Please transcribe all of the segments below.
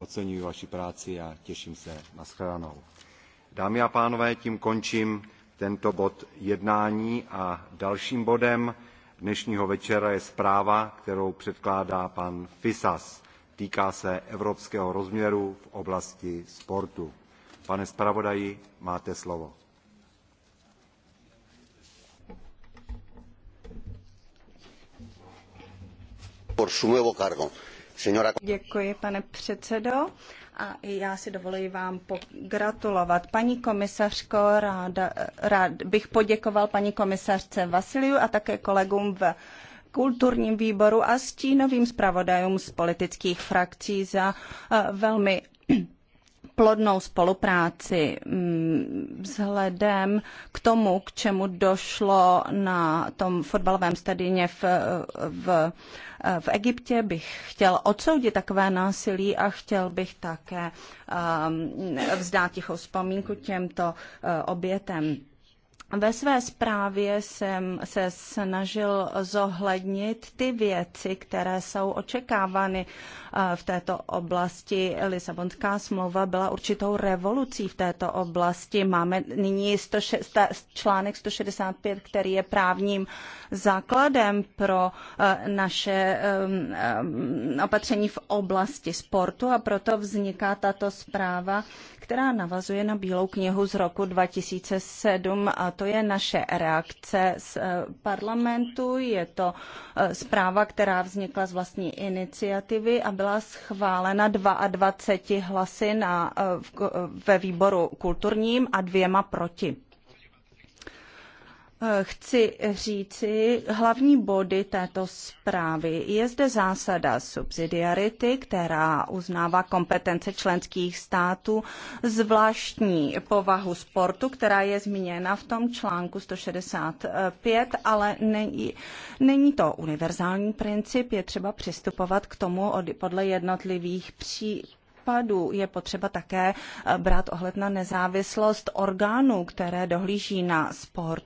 Oceňuji vaši práci a těším se na shledanou. Dámy a pánové, tím končím tento bod jednání a dalším bodem dnešního večera je zpráva, kterou předkládá pan Fisas. Týká se evropského rozměru v oblasti sportu. Pane zpravodaji, máte slovo. Por su nuevo cargo. Děkuji, pane předsedo. A i já si dovoluji vám pogratulovat. Paní komisařko, ráda, rád bych poděkoval paní komisařce Vasiliu a také kolegům v kulturním výboru a stínovým zpravodajům z politických frakcí za eh, velmi plodnou spolupráci mm, vzhledem k tomu, k čemu došlo na tom fotbalovém stadioně v, v, v Egyptě, bych chtěl odsoudit takové násilí a chtěl bych také um, vzdát tichou vzpomínku těmto eh, obětem. Ve své zprávě jsem se snažil zohlednit ty věci, které jsou očekávány eh, v této oblasti. Lisabonská smlouva byla určitou revolucí v této oblasti. Máme nyní 106, článek 165, který je právním základem pro eh, naše eh, mm, opatření v oblasti sportu a proto vzniká tato zpráva která navazuje na Bílou knihu z roku 2007 a to je naše reakce z eh, parlamentu. Je to eh, zpráva, která vznikla z vlastní iniciativy a byla schválena 22 hlasy na, eh, ve výboru kulturním a dvěma proti chci říci hlavní body této zprávy. Je zde zásada subsidiarity, která uznává kompetence členských států, zvláštní povahu sportu, která je zmíněna v tom článku 165, ale není, není to univerzální princip, je třeba přistupovat k tomu podle jednotlivých pří, nápadů. Je potřeba také eh, brát ohled na nezávislost orgánů, které dohlíží na sport.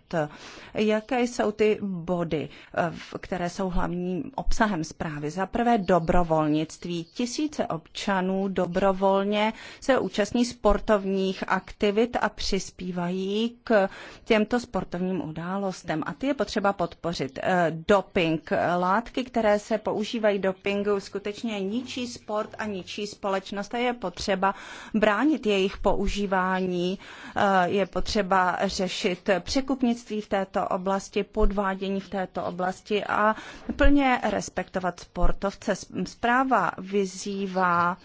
Jaké jsou ty body, eh, které jsou hlavním obsahem zprávy? Za prvé dobrovolnictví. Tisíce občanů dobrovolně se účastní sportovních aktivit a přispívají k těmto sportovním událostem. A ty je potřeba podpořit. Eh, doping. Látky, které se používají dopingu, skutečně ničí sport a ničí společnost oblast je potřeba bránit jejich používání, eh, je potřeba řešit překupnictví v této oblasti, podvádění v této oblasti a plně respektovat sportovce. Zpráva vyzývá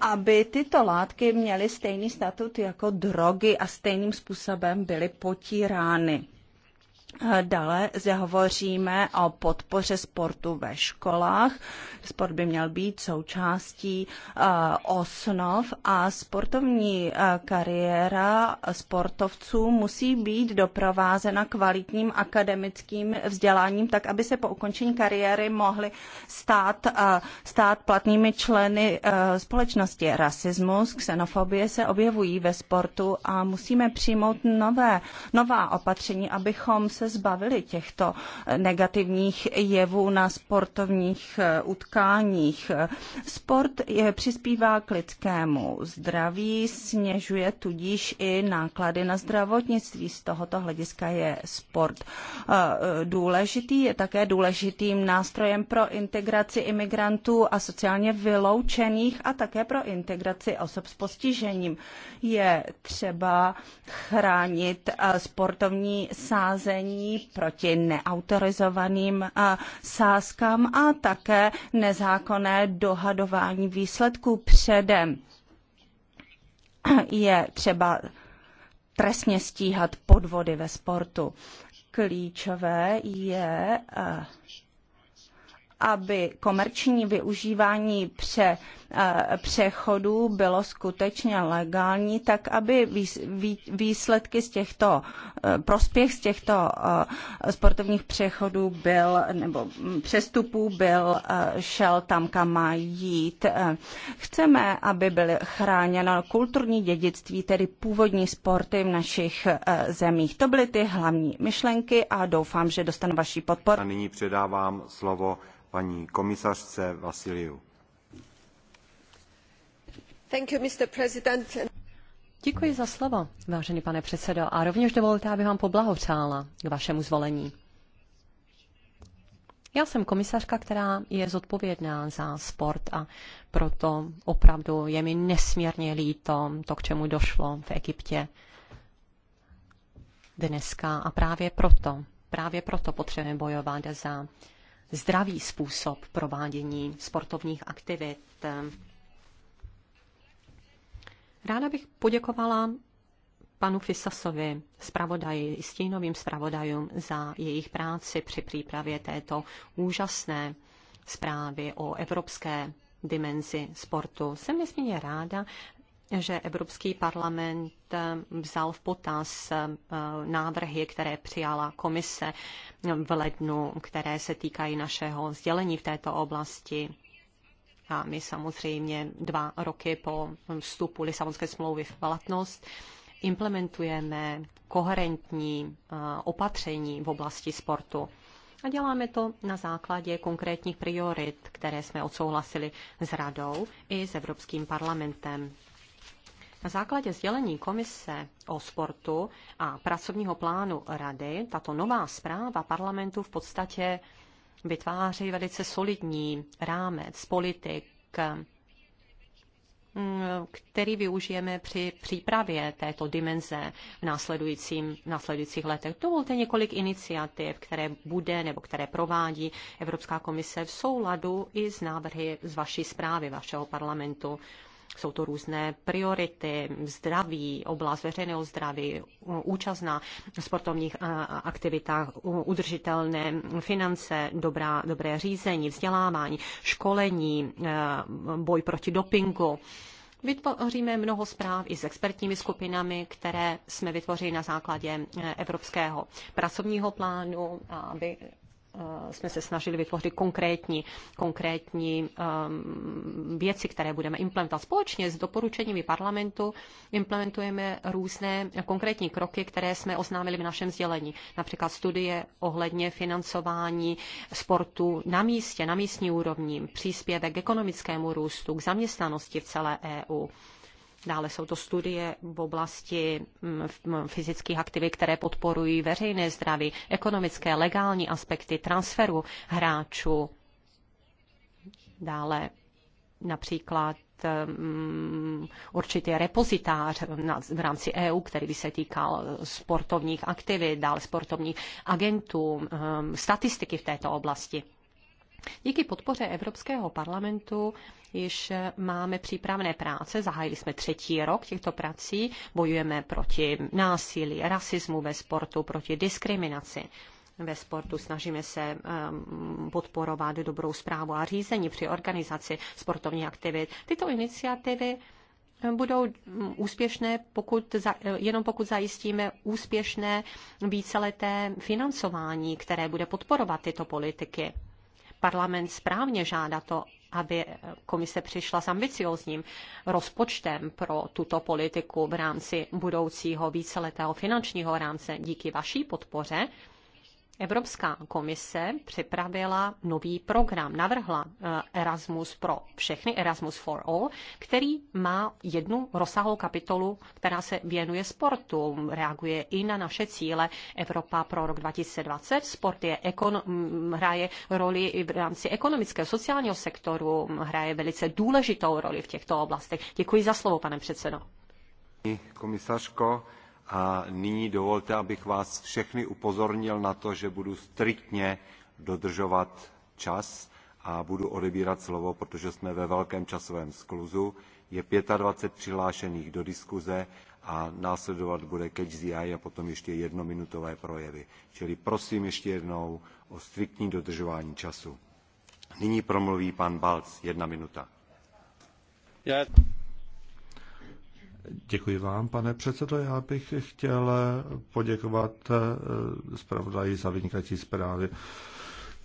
aby tyto látky měly stejný statut jako drogy a stejným způsobem byly potírány. Dále zde hovoříme o podpoře sportu ve školách. Sport by měl být součástí eh, osnov a sportovní eh, kariéra sportovců musí být doprovázena kvalitním akademickým vzděláním, tak aby se po ukončení kariéry mohli stát, eh, stát platnými členy společnosti. Rasismus, xenofobie se objevují ve sportu a musíme přijmout nové, nová opatření, abychom se se zbavili těchto negativních jevů na sportovních eh, utkáních. Sport je, přispívá k lidskému zdraví, sněžuje tudíž i náklady na zdravotnictví. Z tohoto hlediska je sport eh, důležitý, je také důležitým nástrojem pro integraci imigrantů a sociálně vyloučených a také pro integraci osob s postižením. Je třeba chránit eh, sportovní sázení proti neautorizovaným sázkám a také nezákonné dohadování výsledků předem. Je třeba trestně stíhat podvody ve sportu. Klíčové je aby komerční využívání pře, eh, přechodů bylo skutečně legální, tak aby výsledky z těchto, eh, prospěch z těchto eh, sportovních přechodů byl, nebo přestupů byl, šel tam, kam má jít. Chceme, aby byly chráněno kulturní dědictví, tedy původní sporty v našich zemích. To byly ty hlavní myšlenky a doufám, že dostanu vaší podporu. A nyní předávám slovo paní komisařce Vasiliu. za vážený pane předsedo, a rovněž dovolte, abych vám poblahopřála k vašemu zvolení. Já jsem komisařka, která je zodpovědná za sport a proto opravdu je mi nesmírně líto to, k čemu došlo v Egyptě dneska a právě proto, právě proto potřebujeme bojovat za zdravý způsob provádění sportovních aktivit. Ráda bych poděkovala panu Fisasovi, zpravodaji stínovým zpravodajům za jejich práci při přípravě této úžasné zprávy o evropské dimenzi sportu. Jsem nesmírně ráda, že Evropský parlament eh, vzal v potaz eh, návrhy, které přijala komise v lednu, které se týkají našeho sdělení v této oblasti. A my samozřejmě dva roky po vstupu Lisabonské smlouvy v platnost implementujeme koherentní eh, opatření v oblasti sportu. A děláme to na základě konkrétních priorit, které jsme odsouhlasili s Radou i s Evropským parlamentem. Na základě sdělení Komise o sportu a pracovního plánu Rady tato nová zpráva parlamentu v podstatě vytváří velice solidní rámec politik, mm, který využijeme při přípravě této dimenze v, následujícím, v následujících letech. Dovolte několik iniciativ, které bude nebo které provádí Evropská komise v souladu i s návrhy z vaší zprávy, vašeho parlamentu. Jsou to různé priority, zdraví, oblast veřejného zdraví, účast na sportovních aktivitách, udržitelné finance, dobrá, dobré řízení, vzdělávání, školení, e, boj proti dopingu. Vytvoříme mnoho zpráv i s expertními skupinami, které jsme vytvořili na základě e, Evropského pracovního plánu, aby Eh, jsme se snažili vytvořit konkrétní, konkrétní ehm, věci, které budeme implementovat. Společně s doporučeními parlamentu implementujeme různé konkrétní kroky, které jsme oznámili v našem sdělení. Například studie ohledně financování sportu na místě, na místní úrovni, příspěvek k ekonomickému růstu, k zaměstnanosti v celé EU. Dále jsou to studie v oblasti mm, mm, fyzických aktivit, které podporují veřejné zdraví, ekonomické, legální aspekty transferu hráčů. Dále například mm, určitý repozitář v rámci EU, který by se týkal sportovních aktivit, dál sportovních agentů, statistiky v této oblasti. Díky podpoře Evropského parlamentu již eh, máme přípravné práce, zahájili jsme třetí rok těchto prací, bojujeme proti násilí, rasismu ve sportu, proti diskriminaci ve sportu. Snažíme se ehm, podporovat dobrou zprávu a řízení při organizaci sportovních aktivit. Tyto iniciativy ehm, budou mm, úspěšné, pokud, eh, jenom pokud zajistíme úspěšné víceleté financování, které bude podporovat tyto politiky parlament správně žádá to, aby komise přišla s ambiciózním rozpočtem pro tuto politiku v rámci budoucího víceletého finančního rámce díky vaší podpoře. Evropská komise připravila nový program, navrhla eh, Erasmus pro všechny, Erasmus for All, který má jednu rozsáhlou kapitolu, která se věnuje sportu, reaguje i na naše cíle Evropa pro rok 2020. Sport je ekon, mm, hraje roli i v rámci ekonomického, sociálního sektoru, hraje velice důležitou roli v těchto oblastech. Děkuji za slovo, pane předsedo. Komisařko, a nyní dovolte, abych vás všechny upozornil na to, že budu striktně dodržovat čas a budu odebírat slovo, protože jsme ve velkém časovém skluzu. Je 25 přihlášených do diskuze a následovat bude catch the eye a potom ještě jednominutové projevy. Čili prosím ještě jednou o striktní dodržování času. Nyní promluví pan Balc. Jedna minuta. Děkuji vám, pane předsedo. Já bych chtěl poděkovat eh, zpravodaji za vynikající zprávy.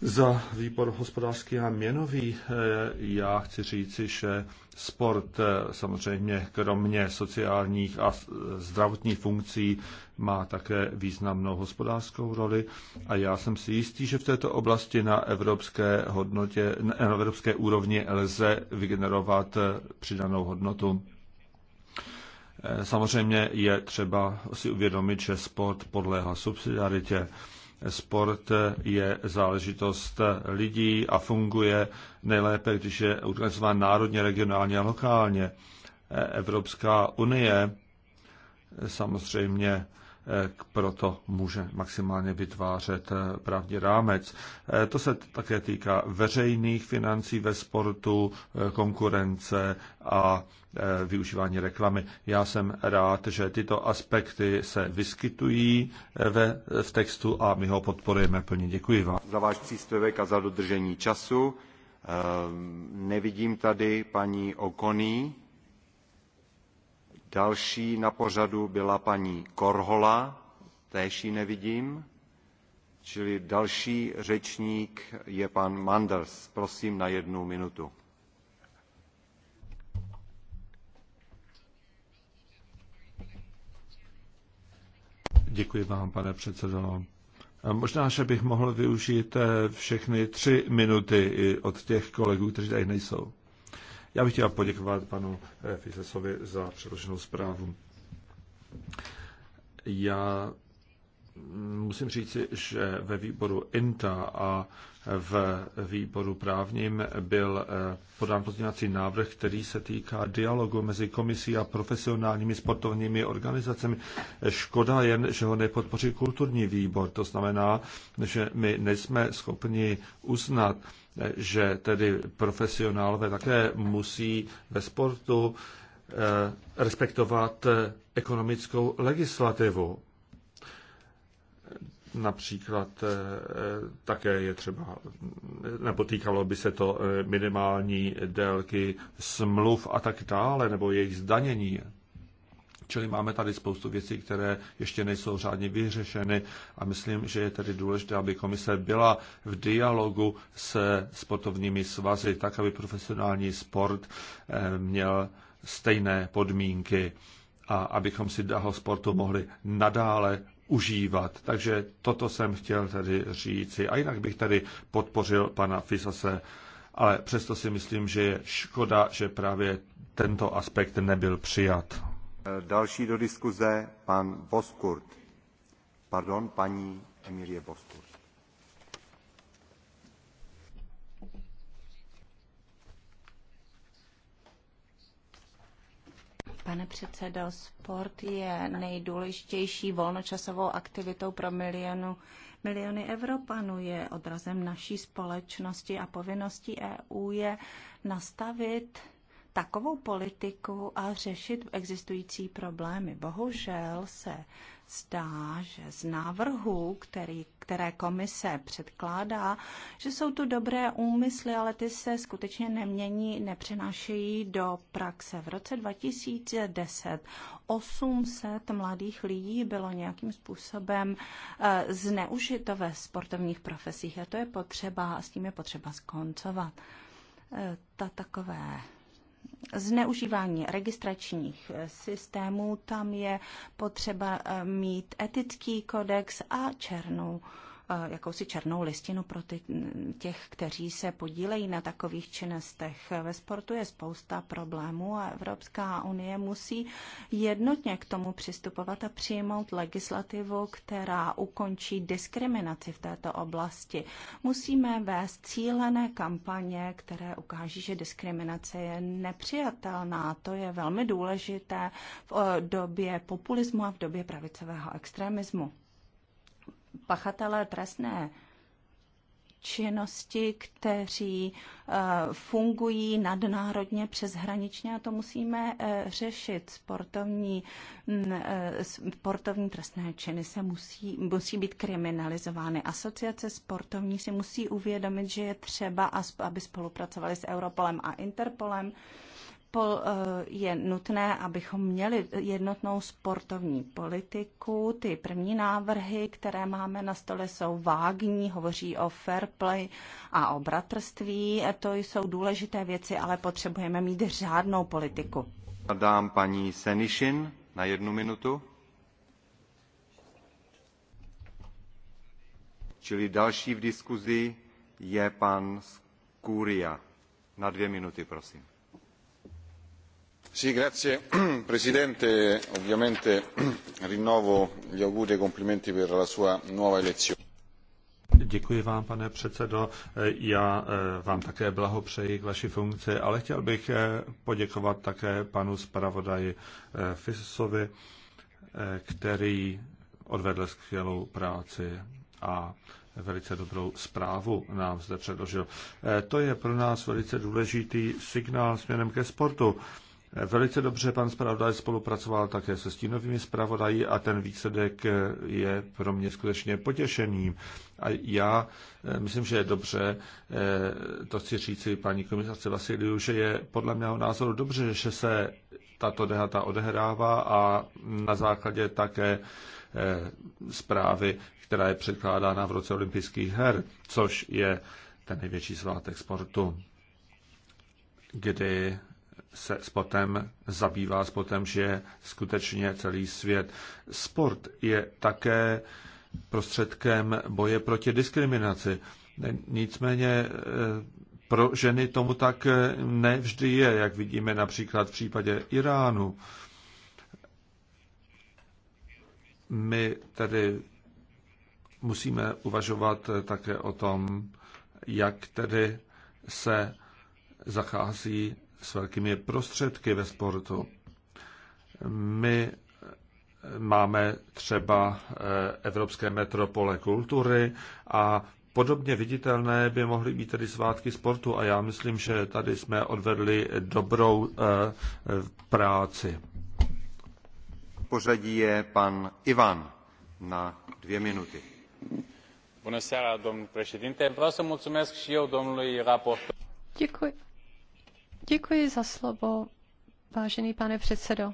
Za výbor hospodářský a měnový eh, já chci říci, že sport eh, samozřejmě kromě sociálních a zdravotních funkcí má také významnou hospodářskou roli a já jsem si jistý, že v této oblasti na evropské, hodnotě, na evropské úrovni lze vygenerovat přidanou hodnotu. Eh, samozřejmě je třeba si uvědomit, že sport podléhá subsidiaritě. Sport eh, je záležitost eh, lidí a funguje nejlépe, když je organizován národně, regionálně a lokálně. Evropská unie samozřejmě Eh, proto může maximálně vytvářet eh, právní rámec. Eh, to se také týká veřejných financí ve sportu, konkurence a využívání reklamy. Já jsem rád, že tyto aspekty se vyskytují ve, v textu a my ho podporujeme plně. Děkuji vám. Za váš příspěvek a za dodržení času. Nevidím tady paní Okoný. Další na pořadu byla paní Korhola, též ji nevidím, čili další řečník je pan Manders. Prosím na jednu minutu. Děkuji vám, pane předsedo. Možná, že bych mohl využít eh, všechny tři minuty od těch kolegů, kteří tady nejsou. Já bych chtěl poděkovat panu eh, Fisesovi za předloženou zprávu. Já musím říci, že ve výboru INTA a v výboru právním byl eh, podán pozměňovací návrh, který se týká dialogu mezi komisí a profesionálními sportovními organizacemi. Škoda jen, že ho nepodpoří kulturní výbor. To znamená, že my nejsme schopni uznat, eh, že tedy profesionálové také musí ve sportu eh, respektovat ekonomickou legislativu. Například eh, eh, také je třeba, eh, nebo týkalo by se to minimální délky smluv a tak dále, nebo jejich zdanění. Čili máme tady spoustu věcí, které ještě nejsou řádně vyřešeny a myslím, že je tedy důležité, aby komise byla v dialogu se sportovními svazy, tak aby profesionální sport měl stejné podmínky a abychom si daho sportu mohli nadále užívat. Takže toto jsem chtěl tady říci. A jinak bych tady podpořil pana Fisase, ale přesto si myslím, že je škoda, že právě tento aspekt nebyl přijat. Další do diskuze pan Boskurt. Pardon, paní Emilie Boskurt. Pane předsedo, sport je nejdůležitější volnočasovou aktivitou pro milionu, miliony Evropanů. Je odrazem naší společnosti a povinností EU je nastavit takovou politiku a řešit existující problémy. Bohužel se zdá, že z návrhu, který které komise předkládá, že jsou tu dobré úmysly, ale ty se skutečně nemění, nepřenášejí do praxe. V roce 2010 800 mladých lidí bylo nějakým způsobem eh, zneužito ve sportovních profesích a to je potřeba, s tím je potřeba skoncovat. Eh, ta takové zneužívání registračních eh, systémů, tam je potřeba eh, mít etický kodex a černou jakousi černou listinu pro ty, těch, kteří se podílejí na takových činnostech. Ve sportu je spousta problémů a Evropská unie musí jednotně k tomu přistupovat a přijmout legislativu, která ukončí diskriminaci v této oblasti. Musíme vést cílené kampaně, které ukáží, že diskriminace je nepřijatelná. To je velmi důležité v době populismu a v době pravicového extremismu pachatelé trestné činnosti, kteří eh, fungují nadnárodně přeshraničně a to musíme eh, řešit. Sportovní, mm, eh, sportovní trestné činy se musí, musí být kriminalizovány. Asociace sportovní si musí uvědomit, že je třeba, aby spolupracovali s Europolem a Interpolem, Eh, je nutné, abychom měli jednotnou sportovní politiku. Ty první návrhy, které máme na stole, jsou vágní, hovoří o fair play a o bratrství. Eh, to jsou důležité věci, ale potřebujeme mít řádnou politiku. Dám paní Senišin na jednu minutu. Čili další v diskuzi je pan Skúria. Na dvě minuty, prosím signor presidente onorevoli colleghi ovviamente rinnovo gli auguri e i complimenti per la sua nuova elezione. Děkuji vám, pane předsedo. Já eh, vám také blahopřeji k vaší funkci, ale chtěl bych eh, poděkovat také panu zpravodaji eh, Fisovi, který odvedl skvělou práci a velice dobrou zprávu nám zde předložil. To je pro nás velice důležitý signál směrem ke sportu Velice dobře pan zpravodaj spolupracoval také se stínovými zpravodají a ten výsledek je pro mě skutečně potěšením. A já eh, myslím, že je dobře, eh, to chci říci paní komisarce Vasiliu, že je podle mého názoru dobře, že se tato dehata odehrává a na základě také eh, zprávy, která je předkládána v roce olympijských her, což je ten největší svátek sportu, kdy se spotem zabývá, sportem žije skutečně celý svět. Sport je také prostředkem boje proti diskriminaci. Nicméně eh, pro ženy tomu tak nevždy je, jak vidíme například v případě Iránu. My tedy musíme uvažovat také o tom, jak tedy se zachází s velkými prostředky ve sportu. My máme třeba eh, Evropské metropole kultury a podobně viditelné by mohly být tedy svátky sportu a já myslím, že tady jsme odvedli dobrou eh, práci. Pořadí je pan Ivan na dvě minuty. Bună seara, domnul președinte. Vreau să mulțumesc și eu domnului raportor. Děkuji. Děkuji za slovo, vážený pane předsedo.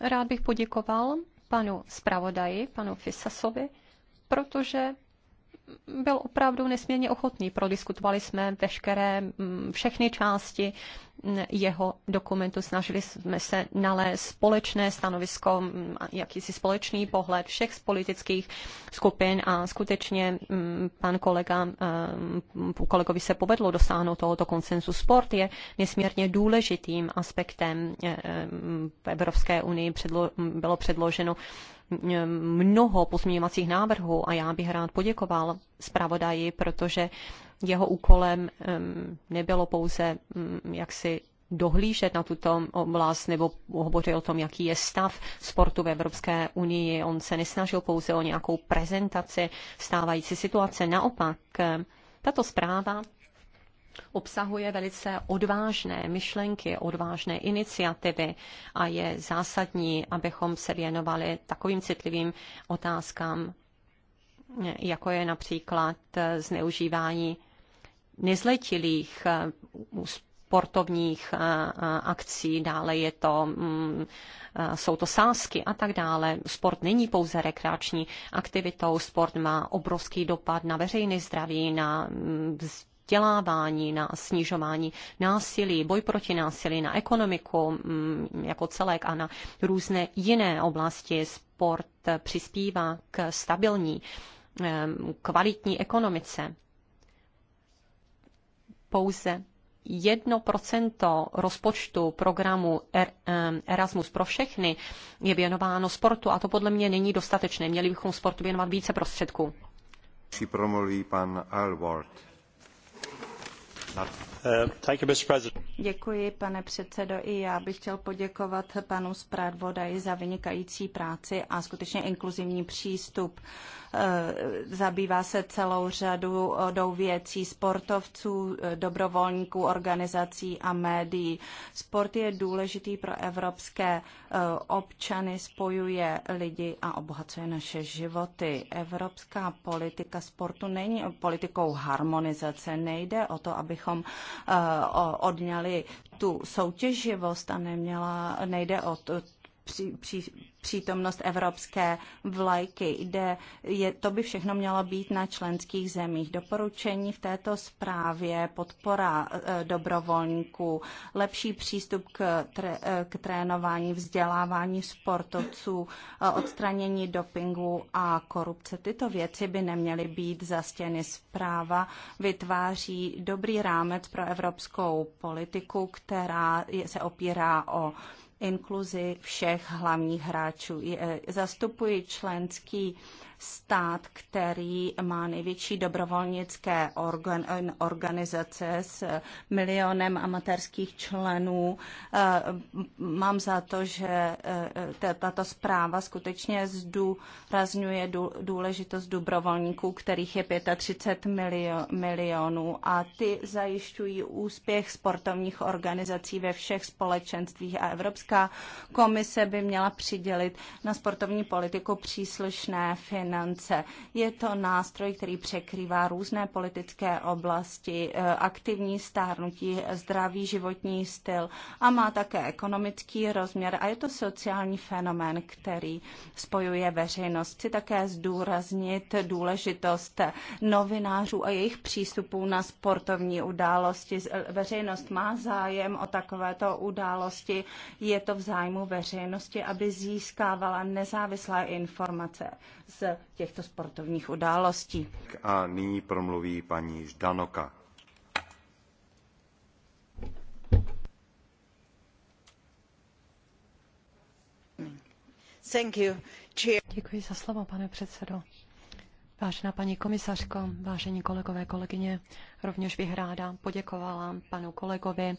Rád bych poděkoval panu zpravodaji, panu Fisasovi, protože byl opravdu nesmírně ochotný. Prodiskutovali jsme veškeré, mm, všechny části jeho dokumentu, snažili jsme se nalézt společné stanovisko, mm, jakýsi společný pohled všech z politických skupin a skutečně mm, pan kolega, kolegovi se povedlo dosáhnout tohoto konsenzu. Sport je nesmírně důležitým aspektem eh, eh, v Evropské unii, bylo předloženo mnoho pozměňovacích návrhů a já bych rád poděkoval zpravodaji, protože jeho úkolem nebylo pouze mm, jaksi dohlížet na tuto oblast nebo hovořil o tom, jaký je stav sportu v Evropské unii. On se nesnažil pouze o nějakou prezentaci stávající situace. Naopak, tato zpráva obsahuje velice odvážné myšlenky, odvážné iniciativy a je zásadní, abychom se věnovali takovým citlivým otázkám, jako je například zneužívání nezletilých uh, sportovních uh, uh, akcí, dále je to, mm, jsou to sázky a tak dále. Sport není pouze rekreační aktivitou, sport má obrovský dopad na veřejné zdraví, na mm, vzdělávání, na snižování násilí, boj proti násilí, na ekonomiku mm, jako celek a na různé jiné oblasti. Sport přispívá k stabilní, kvalitní ekonomice. Pouze 1% rozpočtu programu er-, Erasmus pro všechny je věnováno sportu a to podle mě není dostatečné. Měli bychom sportu věnovat více prostředků. Si promluví pan Alward snad Uh, Děkuji, pane předsedající. I já bych chtěl poděkovat panu zpravodaji za vynikající práci a skutečně inkluzivní přístup. Uh, zabývá se celou řadou věcí sportovců, dobrovolníků, organizací a médií. Sport je důležitý pro evropské uh, občany, spojuje lidi a obohacuje naše životy. Evropská politika sportu není politikou harmonizace. Nejde o to, abychom Eh, odňali tu soutěživost a neměla, nejde o to, při, při, přítomnost evropské vlajky. Jde, je, to by všechno mělo být na členských zemích. Doporučení v této zprávě, podpora e, dobrovolníků, lepší přístup k, tre, e, k trénování, vzdělávání sportovců, e, odstranění dopingu a korupce. Tyto věci by neměly být za stěny zpráva. Vytváří dobrý rámec pro evropskou politiku, která je, se opírá o inkluzi všech hlavních hráčů. Zastupuji členský stát, který má největší dobrovolnické organ, organizace s milionem amatérských členů. Eh, mám za to, že eh, tato zpráva skutečně zdůrazňuje důležitost dobrovolníků, kterých je 35 milionů a ty zajišťují úspěch sportovních organizací ve všech společenstvích a Evropská komise by měla přidělit na sportovní politiku příslušné finanční finance. Je to nástroj, který překrývá různé politické oblasti, eh, aktivní stárnutí, zdravý životní styl a má také ekonomický rozměr a je to sociální fenomén, který spojuje veřejnost. Chci také zdůraznit důležitost novinářů a jejich přístupů na sportovní události. Veřejnost má zájem o takovéto události. Je to v zájmu veřejnosti, aby získávala nezávislé informace z těchto sportovních událostí. A nyní promluví paní Ždanoka. Děkuji za slovo, pane předsedo. Vážená paní komisařko, vážení kolegové, kolegyně, rovněž bych ráda poděkovala panu kolegovi,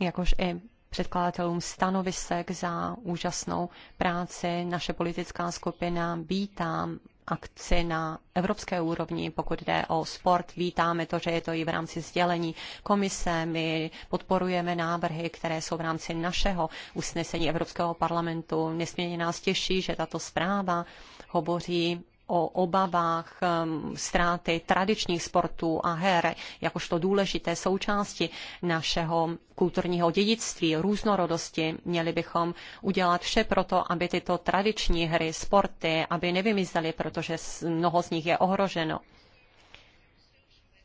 jakož i předkladatelům stanovisek za úžasnou práci. Naše politická skupina vítá akci na evropské úrovni, pokud jde o sport. Vítáme to, že je to i v rámci sdělení komise. My podporujeme návrhy, které jsou v rámci našeho usnesení Evropského parlamentu. Nesmírně nás těší, že tato zpráva hovoří o obavách um, ztráty tradičních sportů a her jakožto důležité součásti našeho kulturního dědictví, různorodosti. Měli bychom udělat vše pro to, aby tyto tradiční hry, sporty, aby nevymizely, protože mnoho z nich je ohroženo.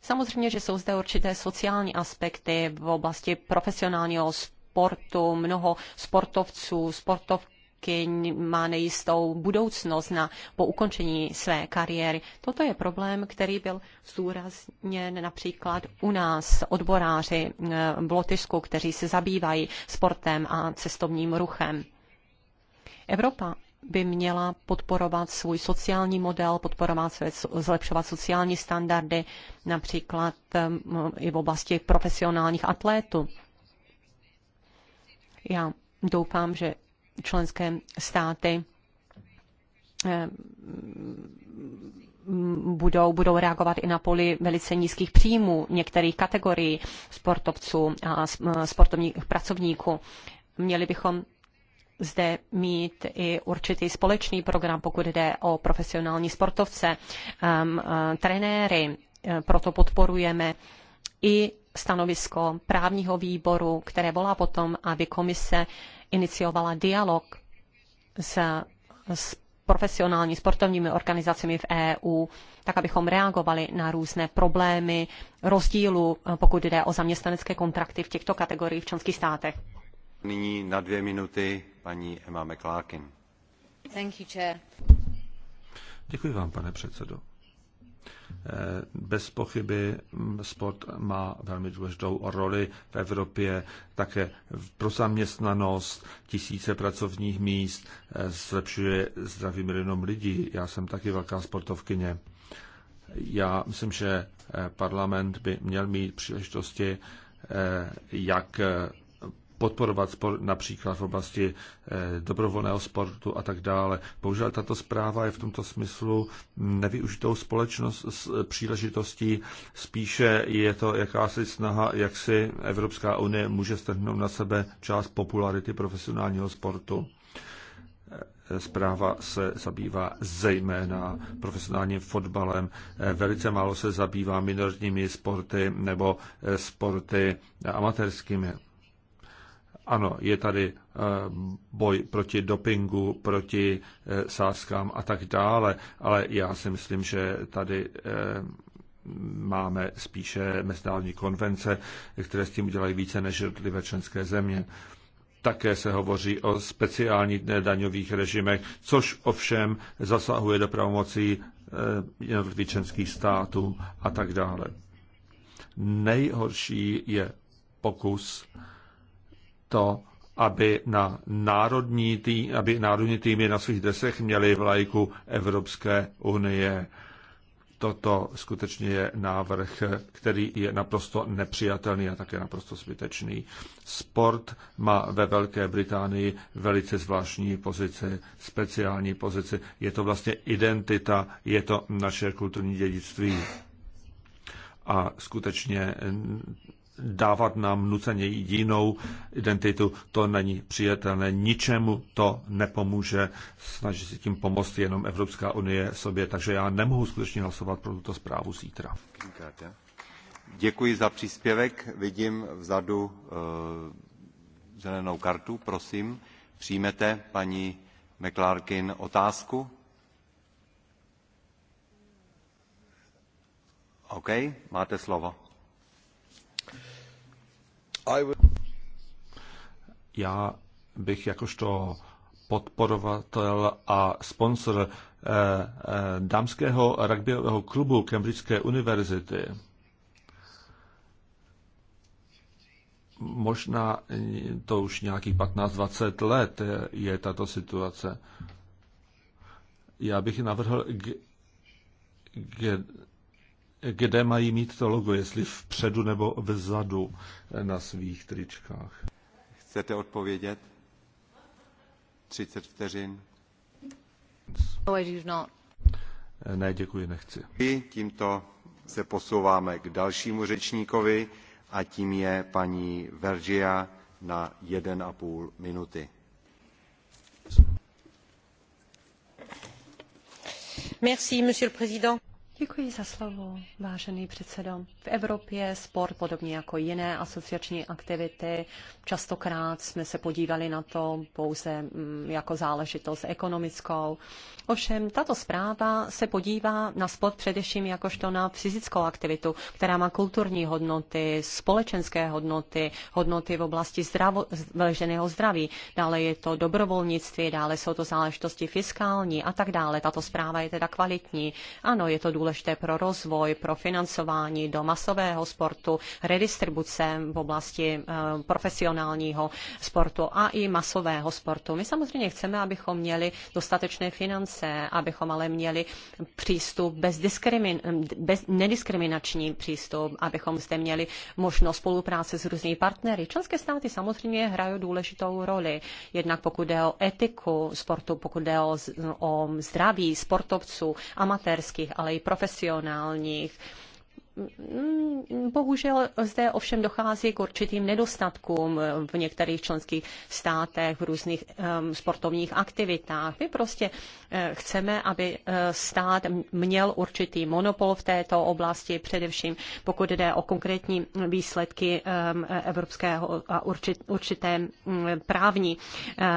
Samozřejmě, že jsou zde určité sociální aspekty v oblasti profesionálního sportu, mnoho sportovců, sportovky umělkyň má nejistou budoucnost na, po ukončení své kariéry. Toto je problém, který byl zúrazněn například u nás odboráři eh, v Lotyšsku, kteří se zabývají sportem a cestovním ruchem. Evropa by měla podporovat svůj sociální model, podporovat své, zlepšovat sociální standardy, například eh, i v oblasti profesionálních atlétů. Já doufám, že členské státy eh, budou, budou reagovat i na poli velice nízkých příjmů některých kategorií sportovců a eh, sportovních pracovníků. Měli bychom zde mít i určitý společný program, pokud jde o profesionální sportovce, um, trenéry. Proto podporujeme i stanovisko právního výboru, které volá potom, aby komise uh, iniciovala dialog s, s profesionální sportovními organizacemi v EU, tak abychom reagovali na různé problémy, rozdílu, pokud jde o zaměstnanecké kontrakty v těchto kategoriích v členských státech. Nyní na dvě minuty paní Emma McLarkin. Thank you, chair. Děkuji vám, pane předsedo. Eh, bez pochyby sport má velmi důležitou roli v Evropě také pro zaměstnanost, tisíce pracovních míst, eh, zlepšuje zdraví milionům lidí. Já jsem taky velká sportovkyně. Já myslím, že eh, parlament by měl mít příležitosti, jak podporovat sport například v oblasti eh, dobrovolného sportu a tak dále. Bohužel tato zpráva je v tomto smyslu nevyužitou společnost s eh, příležitostí. Spíše je to jakási snaha, jak si Evropská unie může strhnout na sebe část popularity profesionálního sportu. Eh, zpráva se zabývá zejména profesionálním fotbalem. Velice málo se zabývá minoritními sporty nebo sporty amatérskými. Ano, je tady eh, boj proti dopingu, proti eh, sázkám a tak dále, ale já si myslím, že tady eh, máme spíše mezinárodní konvence, které s tím udělají více než jednotlivé členské země. Také se hovoří o speciálních daňových režimech, což ovšem zasahuje do pravomocí jednotlivých členských států a tak dále. Nejhorší je pokus to, aby, na národní tý, aby národní týmy na svých desech měly vlajku Evropské unie. Toto skutečně je návrh, který je naprosto nepřijatelný a také naprosto zbytečný. Sport má ve Velké Británii velice zvláštní pozici, speciální pozici. Je to vlastně identita, je to naše kulturní dědictví a skutečně dávat nám nuceně jinou identitu, to není přijatelné, ničemu to nepomůže, snaží se tím pomoct jenom Evropská unie sobě, takže já nemohu skutečně hlasovat pro tuto zprávu zítra. Děkuji za příspěvek, vidím vzadu e, zelenou kartu, prosím, přijmete paní McLarkin otázku? OK, máte slovo. Já bych jakožto podporovatel a sponsor eh, eh, dámského rugbyového klubu Cambridgeské univerzity možná to už nějakých 15-20 let je tato situace. Já bych navrhl kde mají mít to logo, jestli vpředu nebo vzadu eh, na svých tričkách. Chcete odpovědět? 30 vteřin. No, eh, ne, děkuji, nechci. Tímto se posouváme k dalšímu řečníkovi a tím je paní Vergia na 1,5 minuty. Merci, monsieur le président Děkuji za slovo, vážený předsedo. V Evropě sport, podobně jako jiné asociační aktivity, častokrát jsme se podívali na to pouze mm, jako záležitost ekonomickou. Ovšem, tato zpráva se podívá na sport především jakožto na fyzickou aktivitu, která má kulturní hodnoty, společenské hodnoty, hodnoty v oblasti zdravo, vleženého zdraví. Dále je to dobrovolnictví, dále jsou to záležitosti fiskální a tak dále. Tato zpráva je teda kvalitní. Ano, je to důležité důležité pro rozvoj, pro financování do masového sportu, redistribuce v oblasti eh, profesionálního sportu a i masového sportu. My samozřejmě chceme, abychom měli dostatečné finance, abychom ale měli přístup bez, diskrimin, bez nediskriminační přístup, abychom zde měli možnost spolupráce s různými partnery. Členské státy samozřejmě hrají důležitou roli. Jednak pokud jde o etiku sportu, pokud jde o, o zdraví sportovců, amatérských, ale i pro profesionálních Mm, bohužel zde ovšem dochází k určitým nedostatkům v některých členských státech, v různých ehm, sportovních aktivitách. My prostě eh, chceme, aby eh, stát měl určitý monopol v této oblasti, především pokud jde o konkrétní výsledky ehm, evropského a určité mm, právní eh,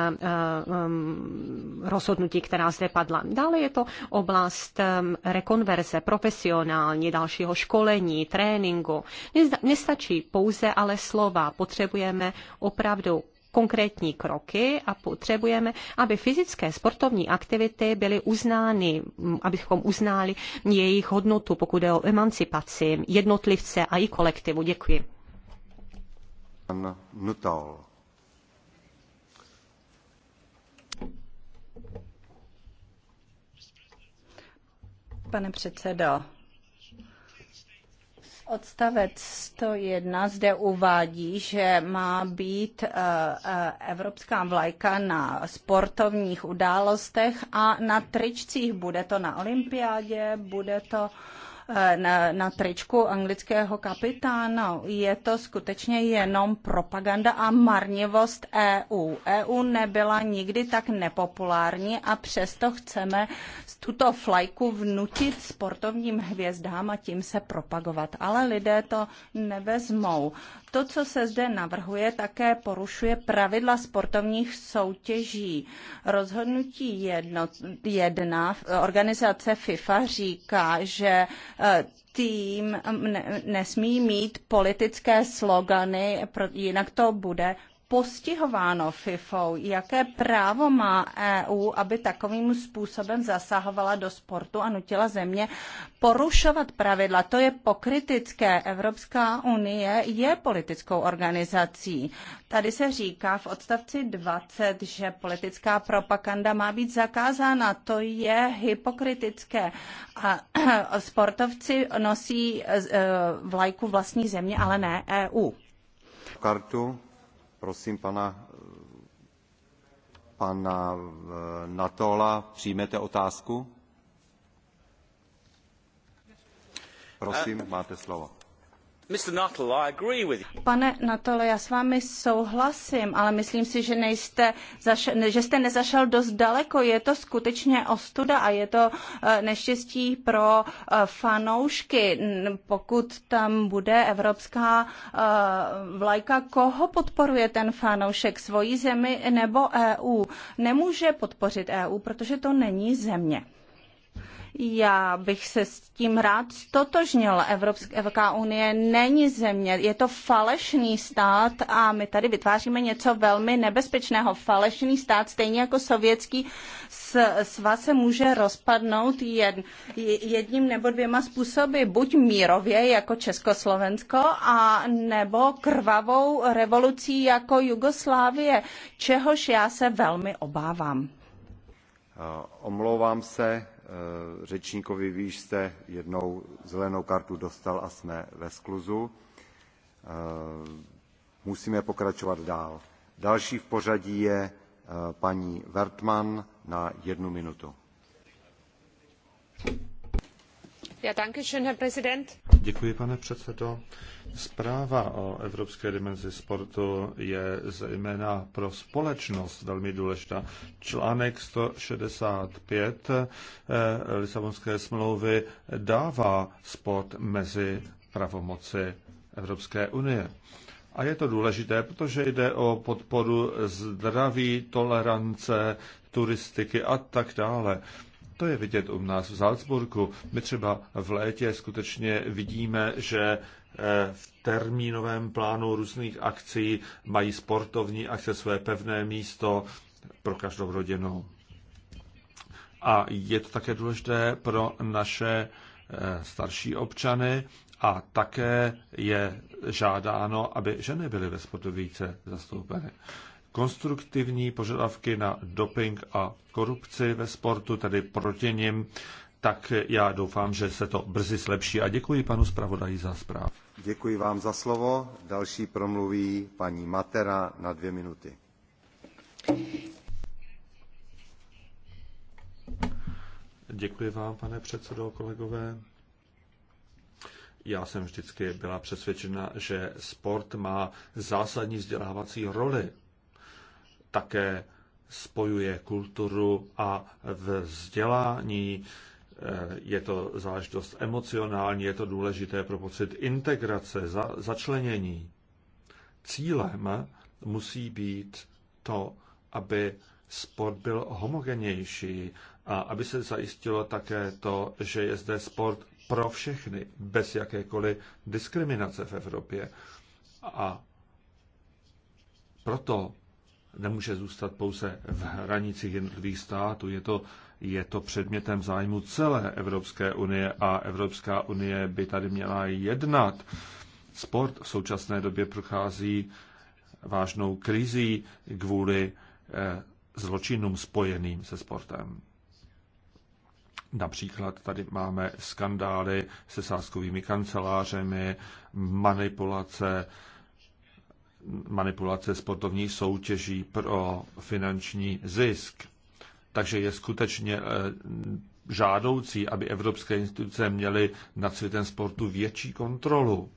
mm, rozhodnutí, která zde padla. Dále je to oblast ehm, rekonverze profesionální, dalšího školy školení, tréninku. Nestačí pouze ale slova, potřebujeme opravdu konkrétní kroky a potřebujeme, aby fyzické sportovní aktivity byly uznány, abychom uznali jejich hodnotu, pokud je o emancipaci jednotlivce a i kolektivu. Děkuji. Pane předsedo, Odstavec 101 zde uvádí, že má být eh, eh, evropská vlajka na sportovních událostech a na tričcích. Bude to na olympiádě, bude to Eh, na, na tričku anglického kapitána. Je to skutečně jenom propaganda a marnivost EU. EU nebyla nikdy tak nepopulární a přesto chceme tuto flajku vnutit sportovním hvězdám a tím se propagovat. Ale lidé to nevezmou. To, co se zde navrhuje, také porušuje pravidla sportovních soutěží. Rozhodnutí jedno, jedna organizace FIFA říká, že tým nesmí mít politické slogany, jinak to bude postihováno FIFA, Jaké právo má EU, aby takovým způsobem zasahovala do sportu a nutila země porušovat pravidla? To je pokrytické. Evropská unie je politickou organizací. Tady se říká v odstavci 20, že politická propaganda má být zakázána. To je hypokritické. A sportovci nosí eh, vlajku vlastní země, ale ne EU. Kartu prosím pana, pana eh, Natola, přijmete otázku? Prosím, máte slovo. Pane Natole, já s vámi souhlasím, ale myslím si, že, nejste že jste nezašel dost daleko. Je to skutečně ostuda a je to eh, neštěstí pro eh, fanoušky. Pokud tam bude evropská eh, vlajka, koho podporuje ten fanoušek, svoji zemi nebo EU? Nemůže podpořit EU, protože to není země. Já bych se s tím rád stotožnil. Evropská unie není země, je to falešný stát a my tady vytváříme něco velmi nebezpečného. Falešný stát, stejně jako sovětský svaz se může rozpadnout jed, jedním nebo dvěma způsoby. Buď mírově, jako Československo, a nebo krvavou revolucí, jako Jugoslávie, čehož já se velmi obávám. Eh, omlouvám se, Eh, řečníkovi, vy jste jednou zelenou kartu dostal a jsme ve skluzu. Eh, musíme pokračovat dál. Další v pořadí je eh, paní Wertmann na jednu minutu. Děkuji, pane Zpráva o evropské dimenzi sportu je zejména pro společnost velmi důležitá. Článek 165 eh, Lisabonské smlouvy dává sport mezi pravomoci Evropské unie. A je to důležité, protože jde o podporu zdraví, tolerance, turistiky a tak dále. To je vidět u nás v Salzburgu. My třeba v létě skutečně vidíme, že eh, v termínovém plánu různých akcí mají sportovní akce své pevné místo pro každou rodinu. A je to také důležité pro naše eh, starší občany a také je žádáno, aby ženy byly ve sportu více zastoupeny konstruktivní požadavky na doping a korupci ve sportu, tedy proti nim, tak já doufám, že se to brzy zlepší a děkuji panu zpravodaji za zpráv. Děkuji vám za slovo. Další promluví paní Matera na dvě minuty. Děkuji vám, pane předsedo, kolegové. Já jsem vždycky byla přesvědčena, že sport má zásadní vzdělávací roli také spojuje kulturu a vzdělání. Eh, je to záležitost emocionální, je to důležité pro pocit integrace, za, začlenění. Cílem musí být to, aby sport byl homogenější a aby se zajistilo také to, že je zde sport pro všechny, bez jakékoliv diskriminace v Evropě. A proto nemůže zůstat pouze v hranicích jednotlivých států. Je to, je to předmětem zájmu celé Evropské unie a Evropská unie by tady měla jednat. Sport v současné době prochází vážnou krizí kvůli eh, zločinům spojeným se sportem. Například tady máme skandály se sáskovými kancelářemi, manipulace, manipulace sportovní soutěží pro finanční zisk. Takže je skutečně eh, žádoucí, aby evropské instituce měly nad světem sportu větší kontrolu,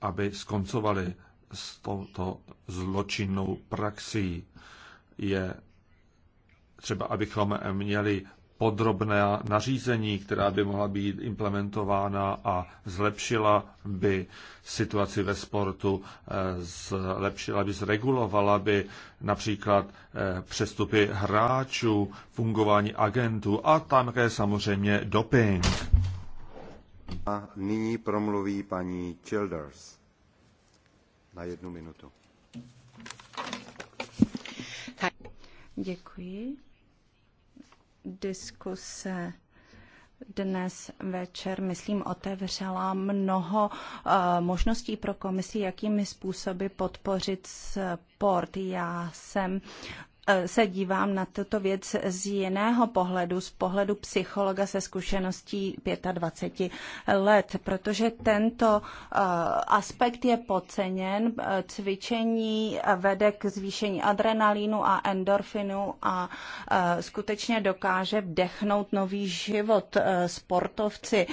aby skoncovali s touto zločinnou praxí. Je třeba, abychom měli podrobné nařízení, která by mohla být implementována a zlepšila by situaci ve sportu, eh, zlepšila by, zregulovala by například eh, přestupy hráčů, fungování agentů a tam také samozřejmě doping. A nyní promluví paní Childers na jednu minutu. děkuji diskuse dnes večer, myslím, otevřela mnoho uh, možností pro komisi, jakými způsoby podpořit sport. Já jsem Eh, se dívám na tuto věc z jiného pohledu, z pohledu psychologa se zkušeností 25 let, protože tento eh, aspekt je podceněn. Eh, cvičení vede k zvýšení adrenalínu a endorfinu a skutečně dokáže vdechnout nový život sportovci.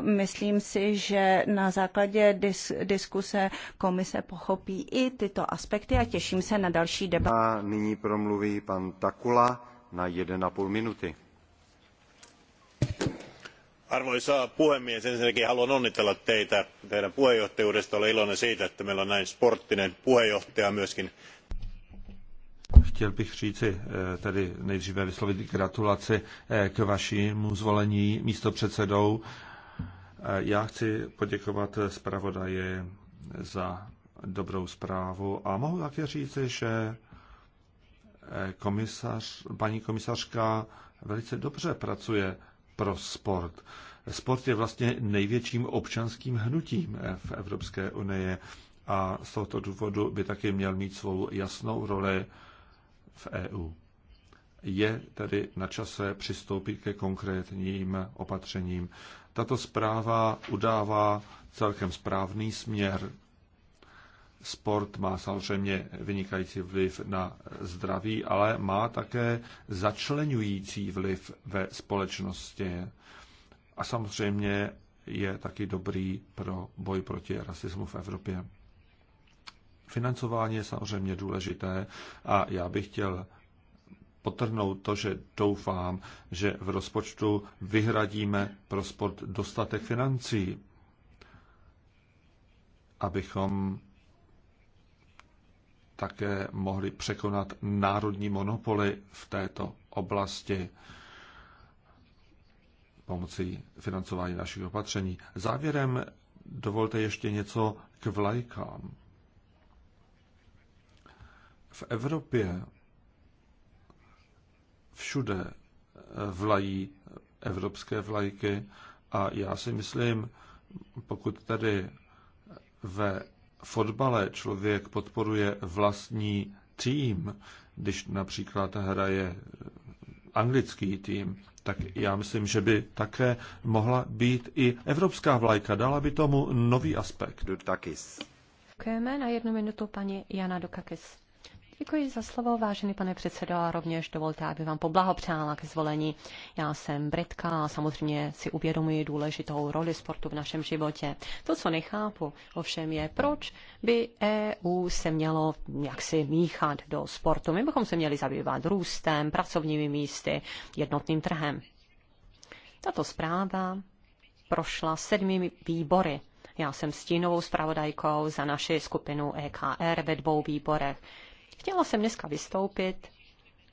Myslím si, že na základě dis- diskuse komise pochopí i tyto aspekty a těším se na další debatu. A nyní pro promluví pan Takula na 1,5 minuty. Arvoisa puhemies, ensinnäkin haluan onnitella teitä teidän puheenjohtajuudesta. Olen iloinen siitä, että meillä on näin sporttinen puheenjohtaja myöskin chtěl bych říci eh, tedy nejdříve vyslovit gratulaci eh, k vašímu zvolení místopředsedou. Eh, já chci poděkovat zpravodaji za dobrou zprávu a mohu také říci, že komisař, paní komisařka velice dobře pracuje pro sport. Sport je vlastně největším občanským hnutím v Evropské unii a z tohoto důvodu by taky měl mít svou jasnou roli v EU. Je tedy na čase přistoupit ke konkrétním opatřením. Tato zpráva udává celkem správný směr Sport má samozřejmě vynikající vliv na zdraví, ale má také začlenující vliv ve společnosti. A samozřejmě je taky dobrý pro boj proti rasismu v Evropě. Financování je samozřejmě důležité a já bych chtěl potrhnout to, že doufám, že v rozpočtu vyhradíme pro sport dostatek financí, abychom také mohli překonat národní monopoly v této oblasti pomocí financování našich opatření. Závěrem dovolte ještě něco k vlajkám. V Evropě všude vlají evropské vlajky a já si myslím, pokud tady ve fotbale člověk podporuje vlastní tým, když například hraje anglický tým, tak já myslím, že by také mohla být i evropská vlajka. Dala by tomu nový aspekt. Dukakis. Děkujeme na jednu minutu paní Jana Dukakis. Děkuji za slovo, vážený pane předsedo, a rovněž dovolte, aby vám poblahopřála k zvolení. Já jsem Britka a samozřejmě si uvědomuji důležitou roli sportu v našem životě. To, co nechápu, ovšem je, proč by EU se mělo jaksi míchat do sportu. My bychom se měli zabývat růstem, pracovními místy, jednotným trhem. Tato zpráva prošla sedmi výbory. Já jsem stínovou zpravodajkou za naši skupinu EKR ve dvou výborech. Chtěla jsem dneska vystoupit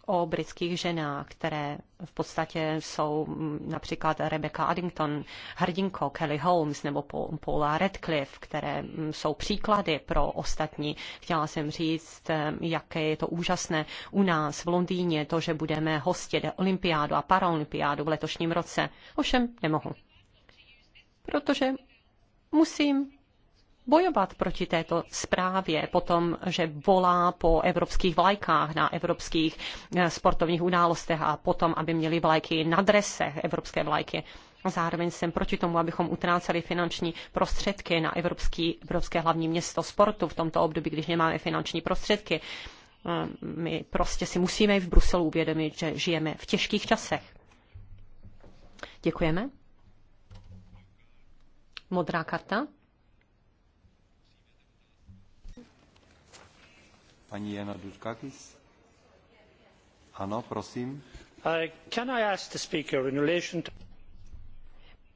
o britských ženách, které v podstatě jsou mm, například Rebecca Addington, hrdinko Kelly Holmes nebo Paula Radcliffe, které mm, jsou příklady pro ostatní. Chtěla jsem říct, mm, jaké je to úžasné u nás v Londýně, to, že budeme hostit olympiádu a paraolympiádu v letošním roce. Ovšem nemohu, protože musím bojovat proti této zprávě, potom, že volá po evropských vlajkách na evropských eh, sportovních událostech a potom, aby měli vlajky na dresech, evropské vlajky. Zároveň jsem proti tomu, abychom utráceli finanční prostředky na evropský, evropské hlavní město sportu v tomto období, když nemáme finanční prostředky. Eh, my prostě si musíme i v Bruselu uvědomit, že žijeme v těžkých časech. Děkujeme. Modrá karta. Paní Jana Dudkakis? Ano, prosím. Uh,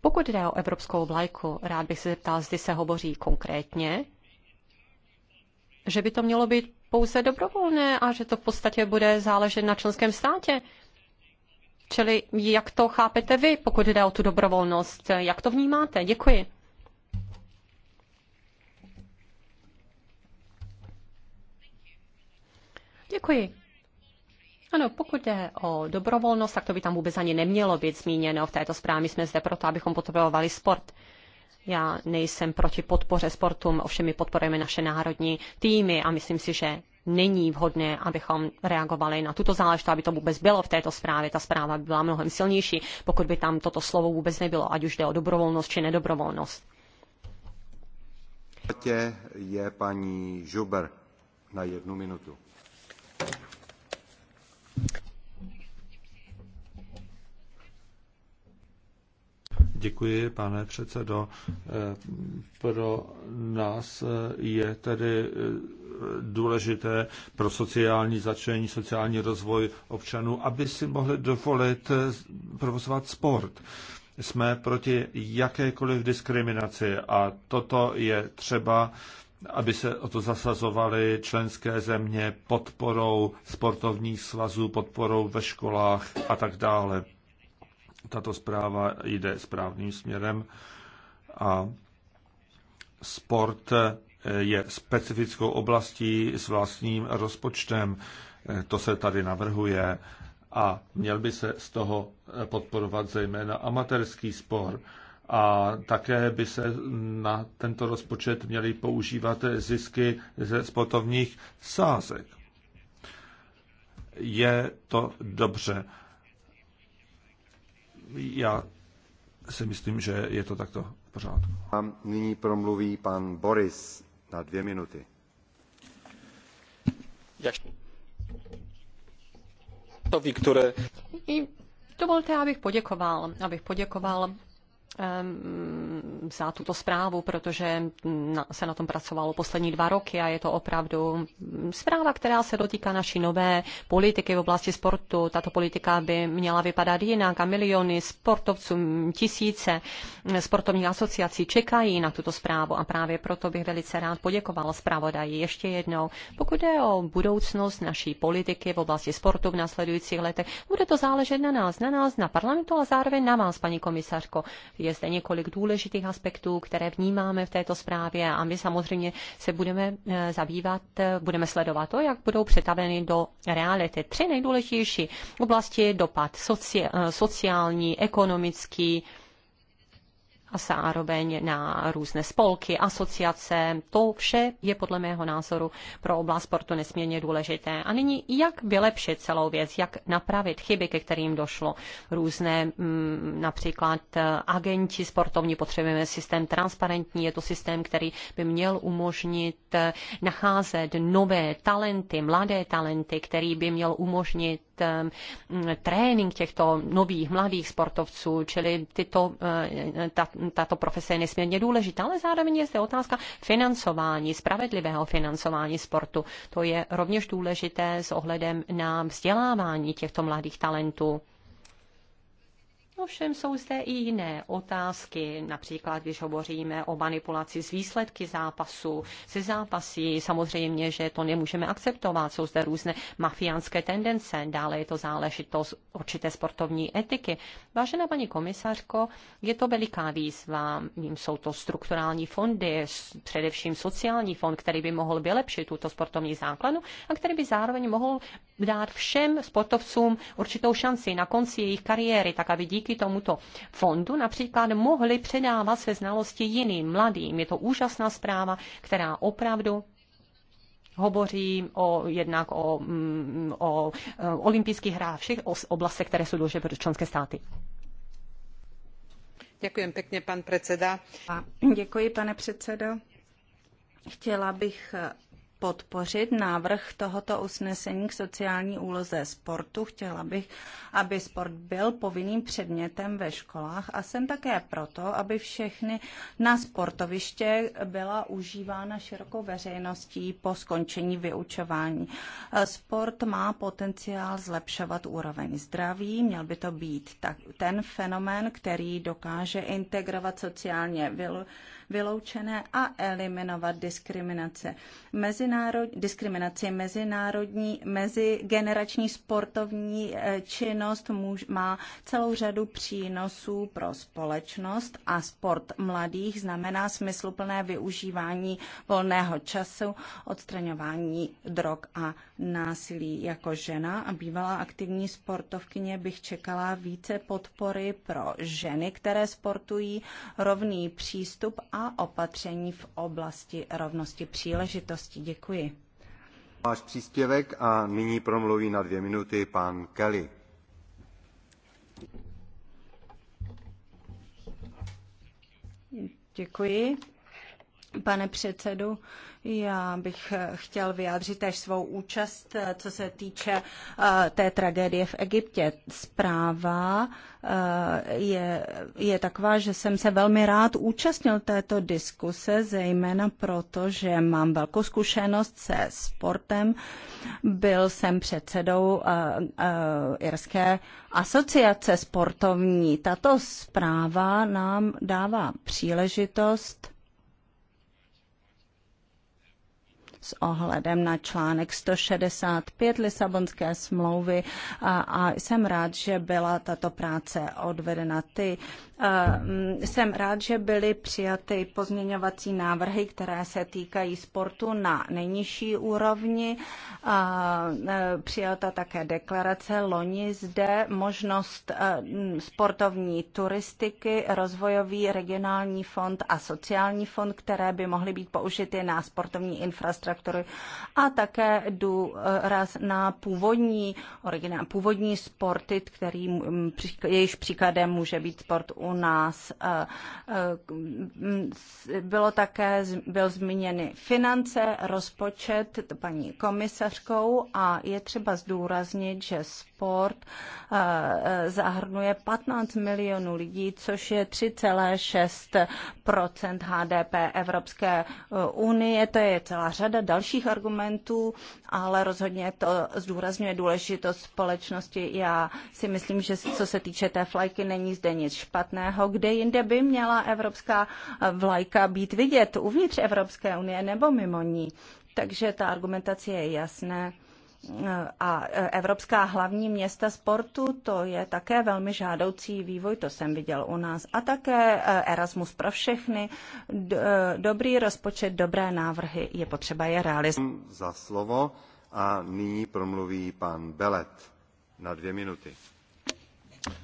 pokud jde o evropskou vlajku, rád bych se zeptal, zdy se hovoří konkrétně, že by to mělo být pouze dobrovolné a že to v podstatě bude záležet na členském státě. Čili jak to chápete vy, pokud jde o tu dobrovolnost? Jak to vnímáte? Děkuji. Děkuji. Ano, pokud jde o dobrovolnost, tak to by tam vůbec ani nemělo být zmíněno. V této zprávě jsme zde proto, abychom podporovali sport. Já nejsem proti podpoře sportům, ovšem my podporujeme naše národní týmy a myslím si, že není vhodné, abychom reagovali na tuto záležitost, aby to vůbec bylo v této zprávě. Ta zpráva by byla mnohem silnější, pokud by tam toto slovo vůbec nebylo, ať už jde o dobrovolnost či nedobrovolnost. Je paní Žuber na jednu minutu. Děkuji, pane předsedo. Eh, pro nás eh, je tedy eh, důležité pro sociální začlení, sociální rozvoj občanů, aby si mohli dovolit provozovat sport. Jsme proti jakékoliv diskriminaci a toto je třeba aby se o to zasazovaly členské země podporou sportovních svazů, podporou ve školách a tak dále. Tato zpráva jde správným směrem a sport je specifickou oblastí s vlastním rozpočtem. To se tady navrhuje a měl by se z toho podporovat zejména amatérský sport a také by se na tento rozpočet měly používat zisky ze sportovních sázek. Je to dobře. Já si myslím, že je to takto v pořádku. A nyní promluví pan Boris na dvě minuty. To to, které. Dovolte, abych poděkoval, abych poděkoval Ehm, za tuto zprávu, protože se na tom pracovalo poslední dva roky a je to opravdu zpráva, která se dotýká naší nové politiky v oblasti sportu. Tato politika by měla vypadat jinak a miliony sportovců, tisíce sportovních asociací čekají na tuto zprávu a právě proto bych velice rád poděkoval zpravodaji ještě jednou. Pokud je o budoucnost naší politiky v oblasti sportu v následujících letech, bude to záležet na nás, na nás, na parlamentu a zároveň na vás, paní komisařko. Je je zde několik důležitých aspektů, které vnímáme v této zprávě a my samozřejmě se budeme eh, zabývat, eh, budeme sledovat to, jak budou přetaveny do reality. Tři nejdůležitější oblasti dopad soci, eh, sociální, ekonomický, a zároveň na různé spolky, asociace. To vše je podle mého názoru pro oblast sportu nesmírně důležité. A nyní, jak vylepšit celou věc, jak napravit chyby, ke kterým došlo. Různé mm, například eh, agenti sportovní, potřebujeme systém transparentní, je to systém, který by měl umožnit eh, nacházet nové talenty, mladé talenty, který by měl umožnit eh, trénink těchto nových, mladých sportovců, čili tyto, ta, tato profese je nesmírně důležitá, ale zároveň je zde otázka financování, spravedlivého financování sportu. To je rovněž důležité s ohledem na vzdělávání těchto mladých talentů. Ovšem jsou zde i jiné otázky, například když hovoříme o manipulaci z výsledky zápasu, se zápasy, samozřejmě, že to nemůžeme akceptovat, jsou zde různé mafiánské tendence, dále je to záležitost určité sportovní etiky. Vážená paní komisařko, je to veliká výzva, Mím jsou to strukturální fondy, především sociální fond, který by mohl vylepšit tuto sportovní základnu a který by zároveň mohl dát všem sportovcům určitou šanci na konci jejich kariéry, tak aby díky díky tomuto fondu například mohli předávat své znalosti jiným mladým. Je to úžasná zpráva, která opravdu hovoří o, jednak o, mm, o, o eh, olympijských hrách, všech oblastech, které jsou důležité pro členské státy. Děkuji pěkně, pan předseda. Děkuji, pane předsedo. Chtěla bych podpořit návrh tohoto usnesení k sociální úloze sportu. Chtěla bych, aby sport byl povinným předmětem ve školách a jsem také proto, aby všechny na sportoviště byla užívána širokou veřejností po skončení vyučování. Sport má potenciál zlepšovat úroveň zdraví, měl by to být tak, ten fenomén, který dokáže integrovat sociálně vylučování vyloučené a eliminovat diskriminace. Mezinárod, diskriminaci mezinárodní, mezigenerační sportovní eh, činnost muž, má celou řadu přínosů pro společnost a sport mladých znamená smysluplné využívání volného času, odstraňování drog a násilí. Jako žena a bývalá aktivní sportovkyně bych čekala více podpory pro ženy, které sportují, rovný přístup a a opatření v oblasti rovnosti příležitostí. Děkuji. Váš příspěvek a nyní promluví na dvě minuty pan Kelly. Děkuji, pane předsedu. Já bych eh, chtěl vyjádřit též svou účast, eh, co se týče eh, té tragédie v Egyptě. Zpráva je, je taková, že jsem se velmi rád účastnil této diskuse, zejména proto, že mám velkou zkušenost se sportem. Byl jsem předsedou Irské asociace sportovní. Tato zpráva nám dává příležitost s ohledem na článek 165 Lisabonské smlouvy a, a jsem rád, že byla tato práce odvedena. Ty Mm, jsem rád, že byly přijaty pozměňovací návrhy, které se týkají sportu na nejnižší úrovni. E, přijata také deklarace loni zde možnost e, mm, sportovní turistiky, rozvojový regionální fond a sociální fond, které by mohly být použity na sportovní infrastruktury a také důraz na původní, originál, původní sporty, který, mm, jejíž příkladem může být sport u u nás. Eh, eh, bylo také, byl zmíněny finance, rozpočet paní komisařkou a je třeba zdůraznit, že sport eh, zahrnuje 15 milionů lidí, což je 3,6 HDP Evropské unie. To je celá řada dalších argumentů, ale rozhodně to zdůrazňuje důležitost společnosti. Já si myslím, že co se týče té flajky, není zde nic špatného špatného, kde jinde by měla evropská vlajka být vidět, uvnitř Evropské unie nebo mimo ní. Takže ta argumentace je jasná a Evropská hlavní města sportu, to je také velmi žádoucí vývoj, to jsem viděl u nás. A také Erasmus pro všechny, dobrý rozpočet, dobré návrhy, je potřeba je realizovat. Za slovo a nyní promluví pan Belet na dvě minuty.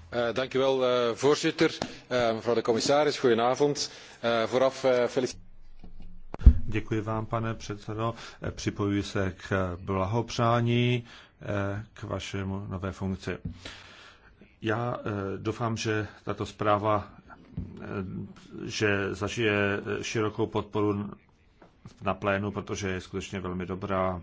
Eh, eh, voorzitter eh, mevrouw de commissaris goedenavond. vooraf feliciteer Děkuji vám, pane předsedo. Připojuji se k blahopřání k vašemu nové funkci. Já doufám, že tato zpráva že zažije širokou podporu napříč politickým spektrem na plénu, protože je skutečně velmi dobrá.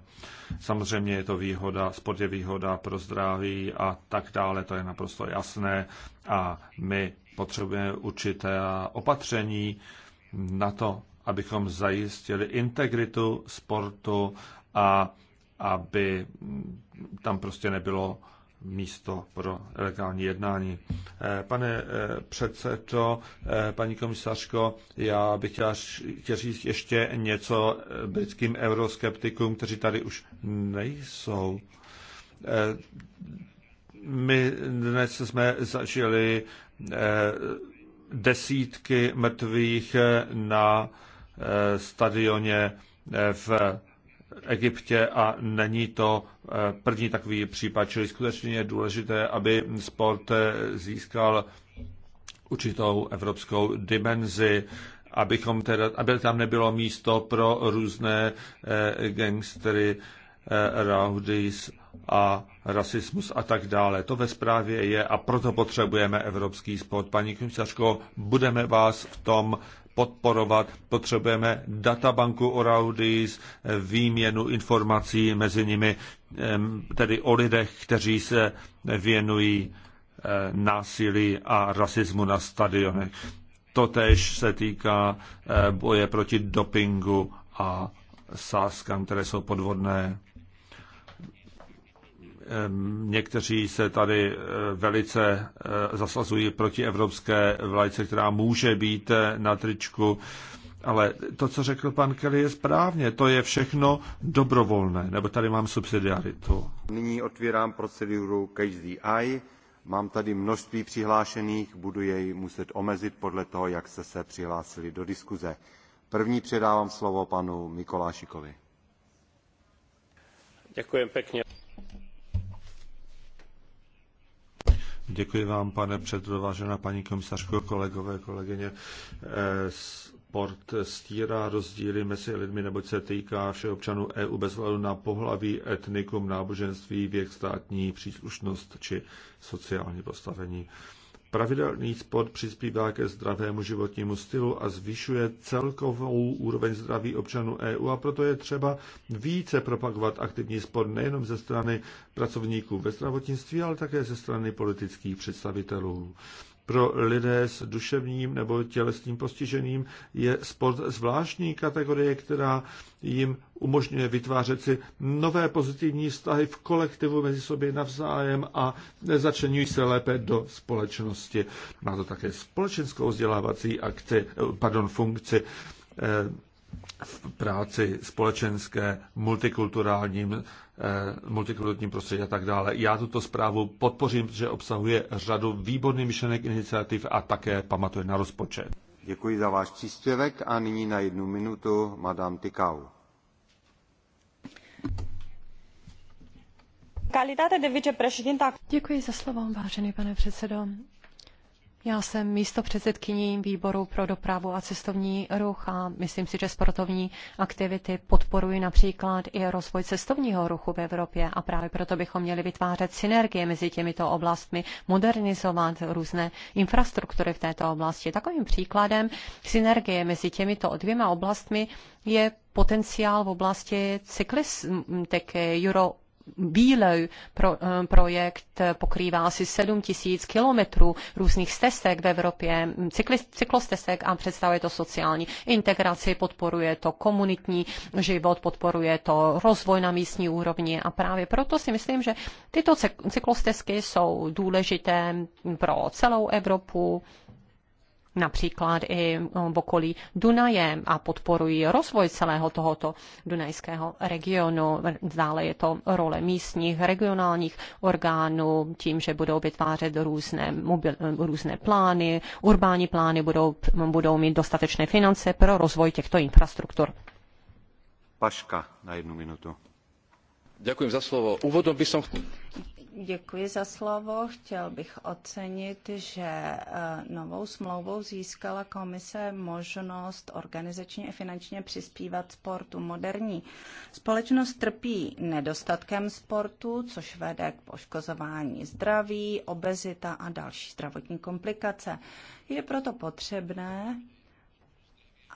Samozřejmě je to výhoda, sport je výhoda pro zdraví a tak dále, to je naprosto jasné. A my potřebujeme určité opatření na to, abychom zajistili integritu sportu a aby tam prostě nebylo místo pro legální jednání. Eh, pane eh, předsedo, eh, paní komisařko, já bych chtěl říct ještě něco britským euroskeptikům, kteří tady už nejsou. My dnes jsme zažili desítky mrtvých na stadioně v Egyptě a není to eh, první takový případ, čili skutečně je důležité, aby sport eh, získal určitou evropskou dimenzi, abychom teda, aby tam nebylo místo pro různé eh, gangstery, raudis a rasismus a tak dále. To ve zprávě je a proto potřebujeme evropský sport. Paní komisařko, budeme vás v tom podporovat. Potřebujeme databanku Raudis, výměnu informací mezi nimi, tedy o lidech, kteří se věnují eh, násilí a rasismu na stadionech. Totež se týká eh, boje proti dopingu a sázkám, které jsou podvodné. Ehm, někteří se tady eh, velice eh, zasazují proti evropské vlajce, která může být eh, na tričku. Ale to, co řekl pan Kelly, je správně. To je všechno dobrovolné, nebo tady mám subsidiaritu. Nyní otvírám proceduru Každý Mám tady množství přihlášených, budu jej muset omezit podle toho, jak jste se přihlásili do diskuze. První předávám slovo panu Mikolášikovi. Děkuji pěkně Děkuji vám, pane předsedo, vážená paní komisařko, kolegové, kolegyně. Eh, sport stírá rozdíly mezi lidmi, neboť se týká všech občanů EU bez ohledu na pohlaví, etnikum, náboženství, věk, státní příslušnost či sociální postavení. Pravidelný sport přispívá ke zdravému životnímu stylu a zvyšuje celkovou úroveň zdraví občanů EU a proto je třeba více propagovat aktivní sport nejenom ze strany pracovníků ve zdravotnictví, ale také ze strany politických představitelů. Pro lidé s duševním nebo tělesným postižením je sport zvláštní kategorie, která jim umožňuje vytvářet si nové pozitivní vztahy v kolektivu mezi sobě navzájem a začenují se lépe do společnosti. Má to také společenskou vzdělávací akci, pardon, funkci eh, v práci společenské multikulturálním Eh, multikulturní prostředí a tak dále. Já tuto zprávu podpořím, protože obsahuje řadu výborných myšlenek, iniciativ a také pamatuje na rozpočet. Děkuji za váš příspěvek a nyní na jednu minutu Madame Tikau. Děkuji za slovo, vážený pane předsedo. Já jsem místo předsedkyní výboru pro dopravu a cestovní ruch a myslím si, že sportovní aktivity podporují například i rozvoj cestovního ruchu v Evropě a právě proto bychom měli vytvářet synergie mezi těmito oblastmi, modernizovat různé infrastruktury v této oblasti. Takovým příkladem synergie mezi těmito dvěma oblastmi je potenciál v oblasti cyklistiky eh, Euro Bílej pro, eh, projekt eh, pokrývá asi 7 tisíc kilometrů různých stezek v Evropě, mm, cykli, cyklostezek a představuje to sociální integraci, podporuje to komunitní život, podporuje to rozvoj na místní úrovni a právě proto si myslím, že tyto cyklostezky jsou důležité pro celou Evropu, například i eh, v okolí Dunaje a podporují rozvoj celého tohoto dunajského regionu. Dále je to role místních regionálních orgánů tím, že budou vytvářet různé, mobil, eh, různé plány, urbání plány budou, budou mít dostatečné finance pro rozvoj těchto infrastruktur. Paška na jednu minutu. Děkuji za slovo. Úvodom by som... Děkuji za slovo. Chtěl bych ocenit, že eh, novou smlouvou získala komise možnost organizačně a finančně přispívat sportu. Moderní společnost trpí nedostatkem sportu, což vede k poškozování zdraví, obezita a další zdravotní komplikace. Je proto potřebné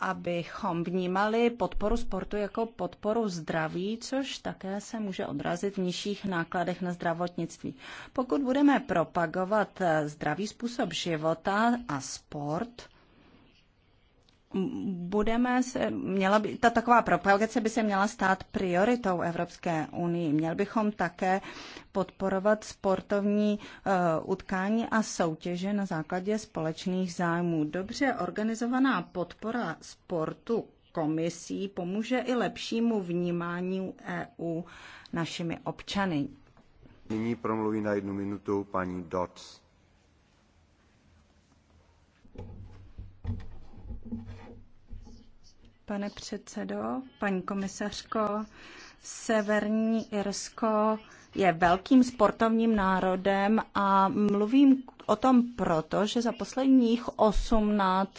abychom vnímali podporu sportu jako podporu zdraví, což také se může odrazit v nižších nákladech na zdravotnictví. Pokud budeme propagovat zdravý způsob života a sport, budeme se, měla by, ta taková propagace by se měla stát prioritou Evropské unii. Měl bychom také podporovat sportovní uh, utkání a soutěže na základě společných zájmů. Dobře organizovaná podpora sportu komisí pomůže i lepšímu vnímání EU našimi občany. Nyní promluví na jednu minutu paní Dodds. Pane předsedo, paní komisařko, Severní Irsko je velkým sportovním národem a mluvím o tom proto, že za posledních 18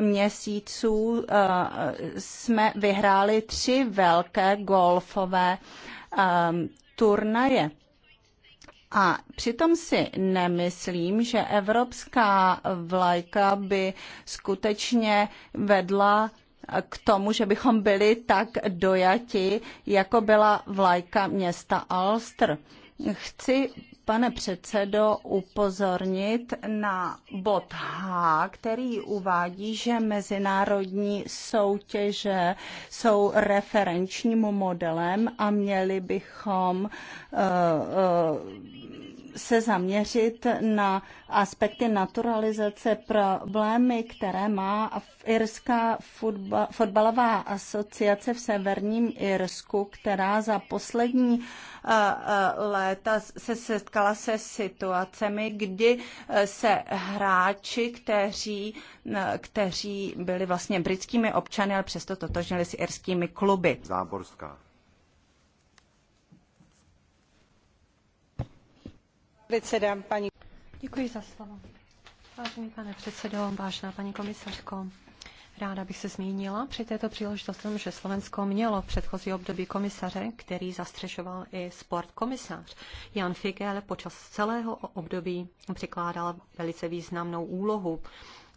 měsíců eh, jsme vyhráli tři velké golfové eh, turnaje. A přitom si nemyslím, že evropská vlajka by skutečně vedla k tomu, že bychom byli tak dojati, jako byla vlajka města Alstr. Chci, pane předsedo, upozornit na bod H, který uvádí, že mezinárodní soutěže jsou referenčním modelem a měli bychom uh, uh, se zaměřit na aspekty naturalizace, problémy, které má Irská fotba, fotbalová asociace v severním Irsku, která za poslední eh, eh, léta se setkala se situacemi, kdy eh, se hráči, kteří, kteří byli vlastně britskými občany, ale přesto totožnili s irskými kluby. Záborská. za slovo. Vážený pane předsedo, vážená paní komisařko, Ráda bych se zmínila při této příležitosti, že Slovensko mělo v předchozí období komisaře, který zastřešoval i sport komisař. Jan Figel počas celého období přikládal velice významnou úlohu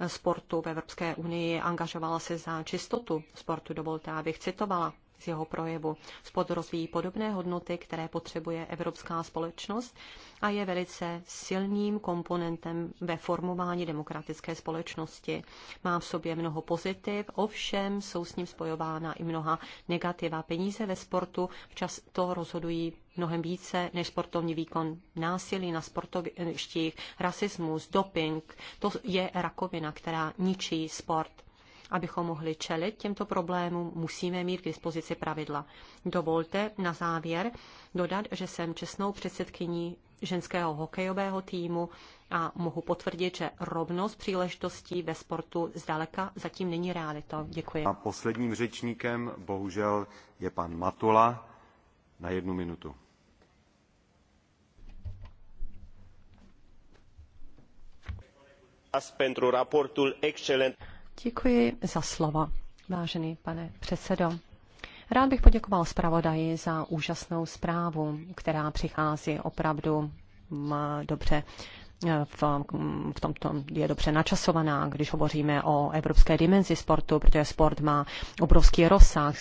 sportu v Evropské unii, angažovala se za čistotu sportu. Dovolte, abych citovala z jeho projevu. Spod rozvíjí podobné hodnoty, které potřebuje evropská společnost a je velice silným komponentem ve formování demokratické společnosti. Má v sobě mnoho pozitiv, ovšem jsou s ním spojována i mnoha negativa. Peníze ve sportu včas to rozhodují mnohem více než sportovní výkon násilí na sportovištích, rasismus, doping. To je rakovina, která ničí sport. Abychom mohli čelit těmto problémům, musíme mít k dispozici pravidla. Dovolte na závěr dodat, že jsem čestnou předsedkyní ženského hokejového týmu a mohu potvrdit, že rovnost příležitostí ve sportu zdaleka zatím není realitou. Děkuji. A posledním řečníkem bohužel je pan Matula na jednu minutu. pentru raportul excelent. Děkuji za slovo, vážený pane předsedo. Rád bych poděkoval zpravodaji za úžasnou zprávu, která přichází opravdu mm, dobře e, v, v tomto je dobře načasovaná, když hovoříme o evropské dimenzi sportu, protože sport má obrovský rozsah,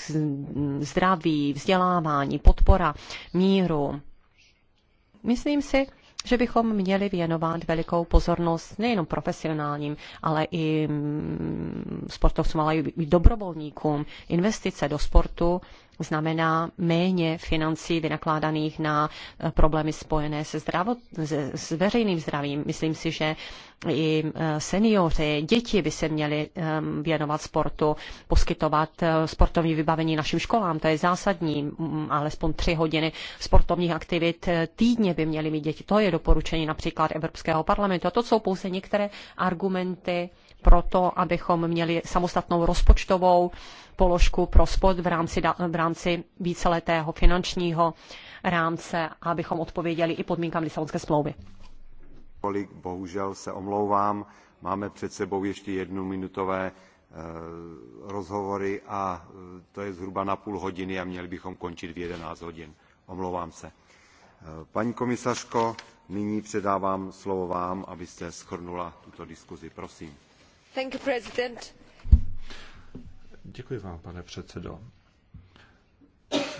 zdraví, vzdělávání, podpora, míru. Myslím si, že bychom měli věnovat velikou pozornost nejenom profesionálním, ale i mm, sportovcům, ale i dobrovolníkům. Investice do sportu znamená méně financí vynakládaných na eh, problémy spojené se, zdravot, se, s veřejným zdravím. Myslím si, že i eh, seniori, děti by se měli ehm, věnovat sportu, poskytovat eh, sportovní vybavení našim školám, to je zásadní, mm, alespoň tři hodiny sportovních aktivit týdně by měly mít děti. To je doporučení například Evropského parlamentu. A to jsou pouze některé argumenty, proto, abychom měli samostatnou rozpočtovou položku pro sport v rámci, v rámci víceletého finančního rámce, abychom odpověděli i podmínkám Lisabonské smlouvy. Kolik bohužel se omlouvám, máme před sebou ještě jednu minutové eh, rozhovory a eh, to je zhruba na půl hodiny a měli bychom končit v 11 hodin. Omlouvám se. Eh, paní komisařko, nyní předávám slovo vám, abyste schrnula tuto diskuzi. Prosím. Děkuji vám, pane předsedo.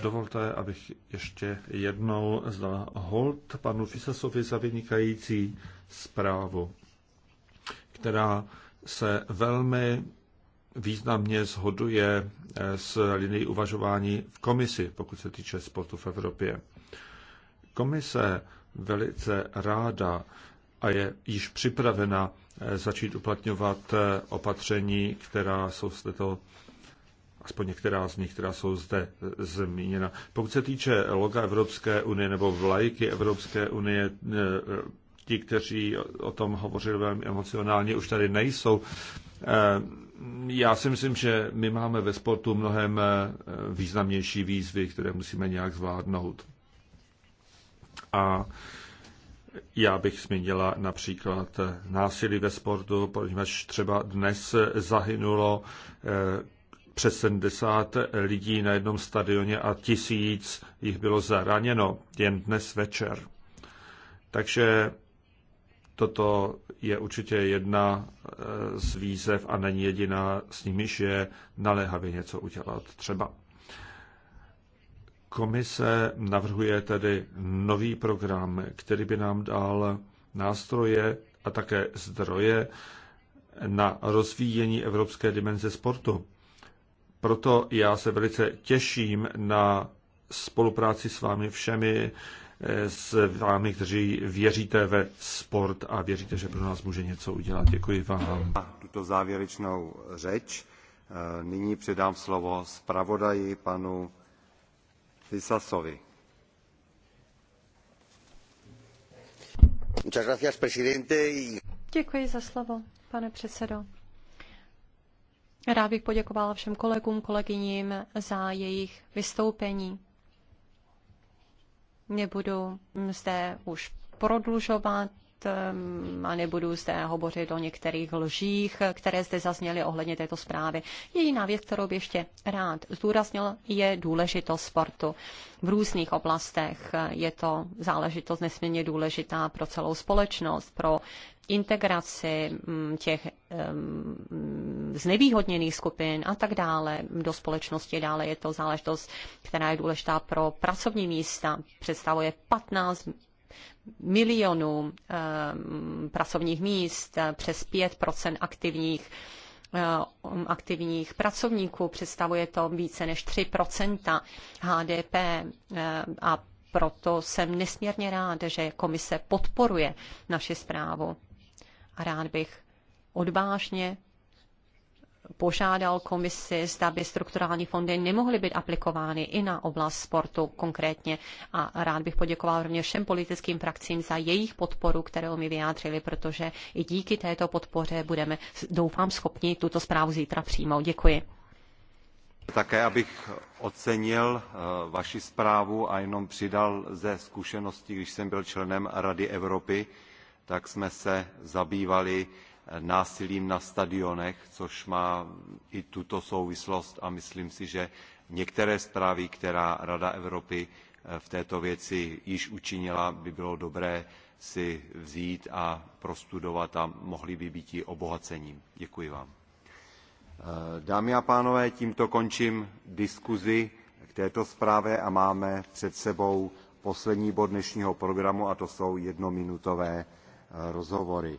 Dovolte, abych ještě jednou zdal hold panu Fisasovi za vynikající zprávu, která se velmi významně shoduje eh, s linií uvažování v komisi, pokud se týče sportu v Evropě. Komise velice ráda a je již připravena eh, začít uplatňovat eh, opatření, která jsou z této aspoň některá z nich, která jsou zde eh, zmíněna. Pokud se týče loga Evropské unie nebo vlajky Evropské unie, ti, kteří o tom hovořili velmi emocionálně, už tady nejsou. Já si myslím, že my máme ve sportu mnohem významnější výzvy, které musíme nějak zvládnout. A já bych zmínila například násilí ve sportu, poněvadž třeba dnes zahynulo eh, přes 70 lidí na jednom stadioně a tisíc jich bylo zraněno jen dnes večer. Takže toto je určitě jedna eh, z výzev a není jediná, s nimiž je naléhavě něco udělat třeba. Komise navrhuje tedy nový program, který by nám dal nástroje a také zdroje na rozvíjení evropské dimenze sportu. Proto já se velice těším na spolupráci s vámi všemi, s vámi, kteří věříte ve sport a věříte, že pro nás může něco udělat. Děkuji vám. Tuto závěrečnou řeč e, nyní předám slovo zpravodaji panu Lisasovi. Děkuji pane předsedo. Rád bych poděkovala všem kolegům, kolegyním za jejich vystoupení. Nebudu zde už prodlužovat Ehm, a nebudu zde hovořit o některých lžích, které zde zazněly ohledně této zprávy. Jediná věc, kterou bych ještě rád zdůraznil, je důležitost sportu. V různých oblastech eh, je to záležitost nesmírně důležitá pro celou společnost, pro integraci mm, těch ehm, znevýhodněných skupin a tak dále do společnosti. Dále je to záležitost, která je důležitá pro pracovní místa. Představuje 15 milionů eh, pracovních míst, eh, přes 5 aktivních eh, aktivních pracovníků, představuje to více než 3 HDP a proto jsem nesmírně rád, že komise podporuje naši zprávu. A rád bych odvážně požádal komisi, zda by strukturální fondy nemohly být aplikovány i na oblast sportu konkrétně. A rád bych poděkoval rovněž všem politickým frakcím za jejich podporu, kterou mi vyjádřili, protože i díky této podpoře budeme, doufám, schopni tuto zprávu zítra přijmout. Děkuji. Také abych ocenil eh, vaši zprávu a jenom přidal ze zkušenosti, když jsem byl členem Rady Evropy, tak jsme se zabývali násilím na stadionech, což má i tuto souvislost a myslím si, že některé zprávy, která Rada Evropy eh, v této věci již učinila, by bylo dobré si vzít a prostudovat a mohli by být i obohacením. Děkuji vám. Eh, dámy a pánové, tímto končím diskuzi k této zprávě a máme před sebou poslední bod dnešního programu a to jsou jednominutové eh, rozhovory.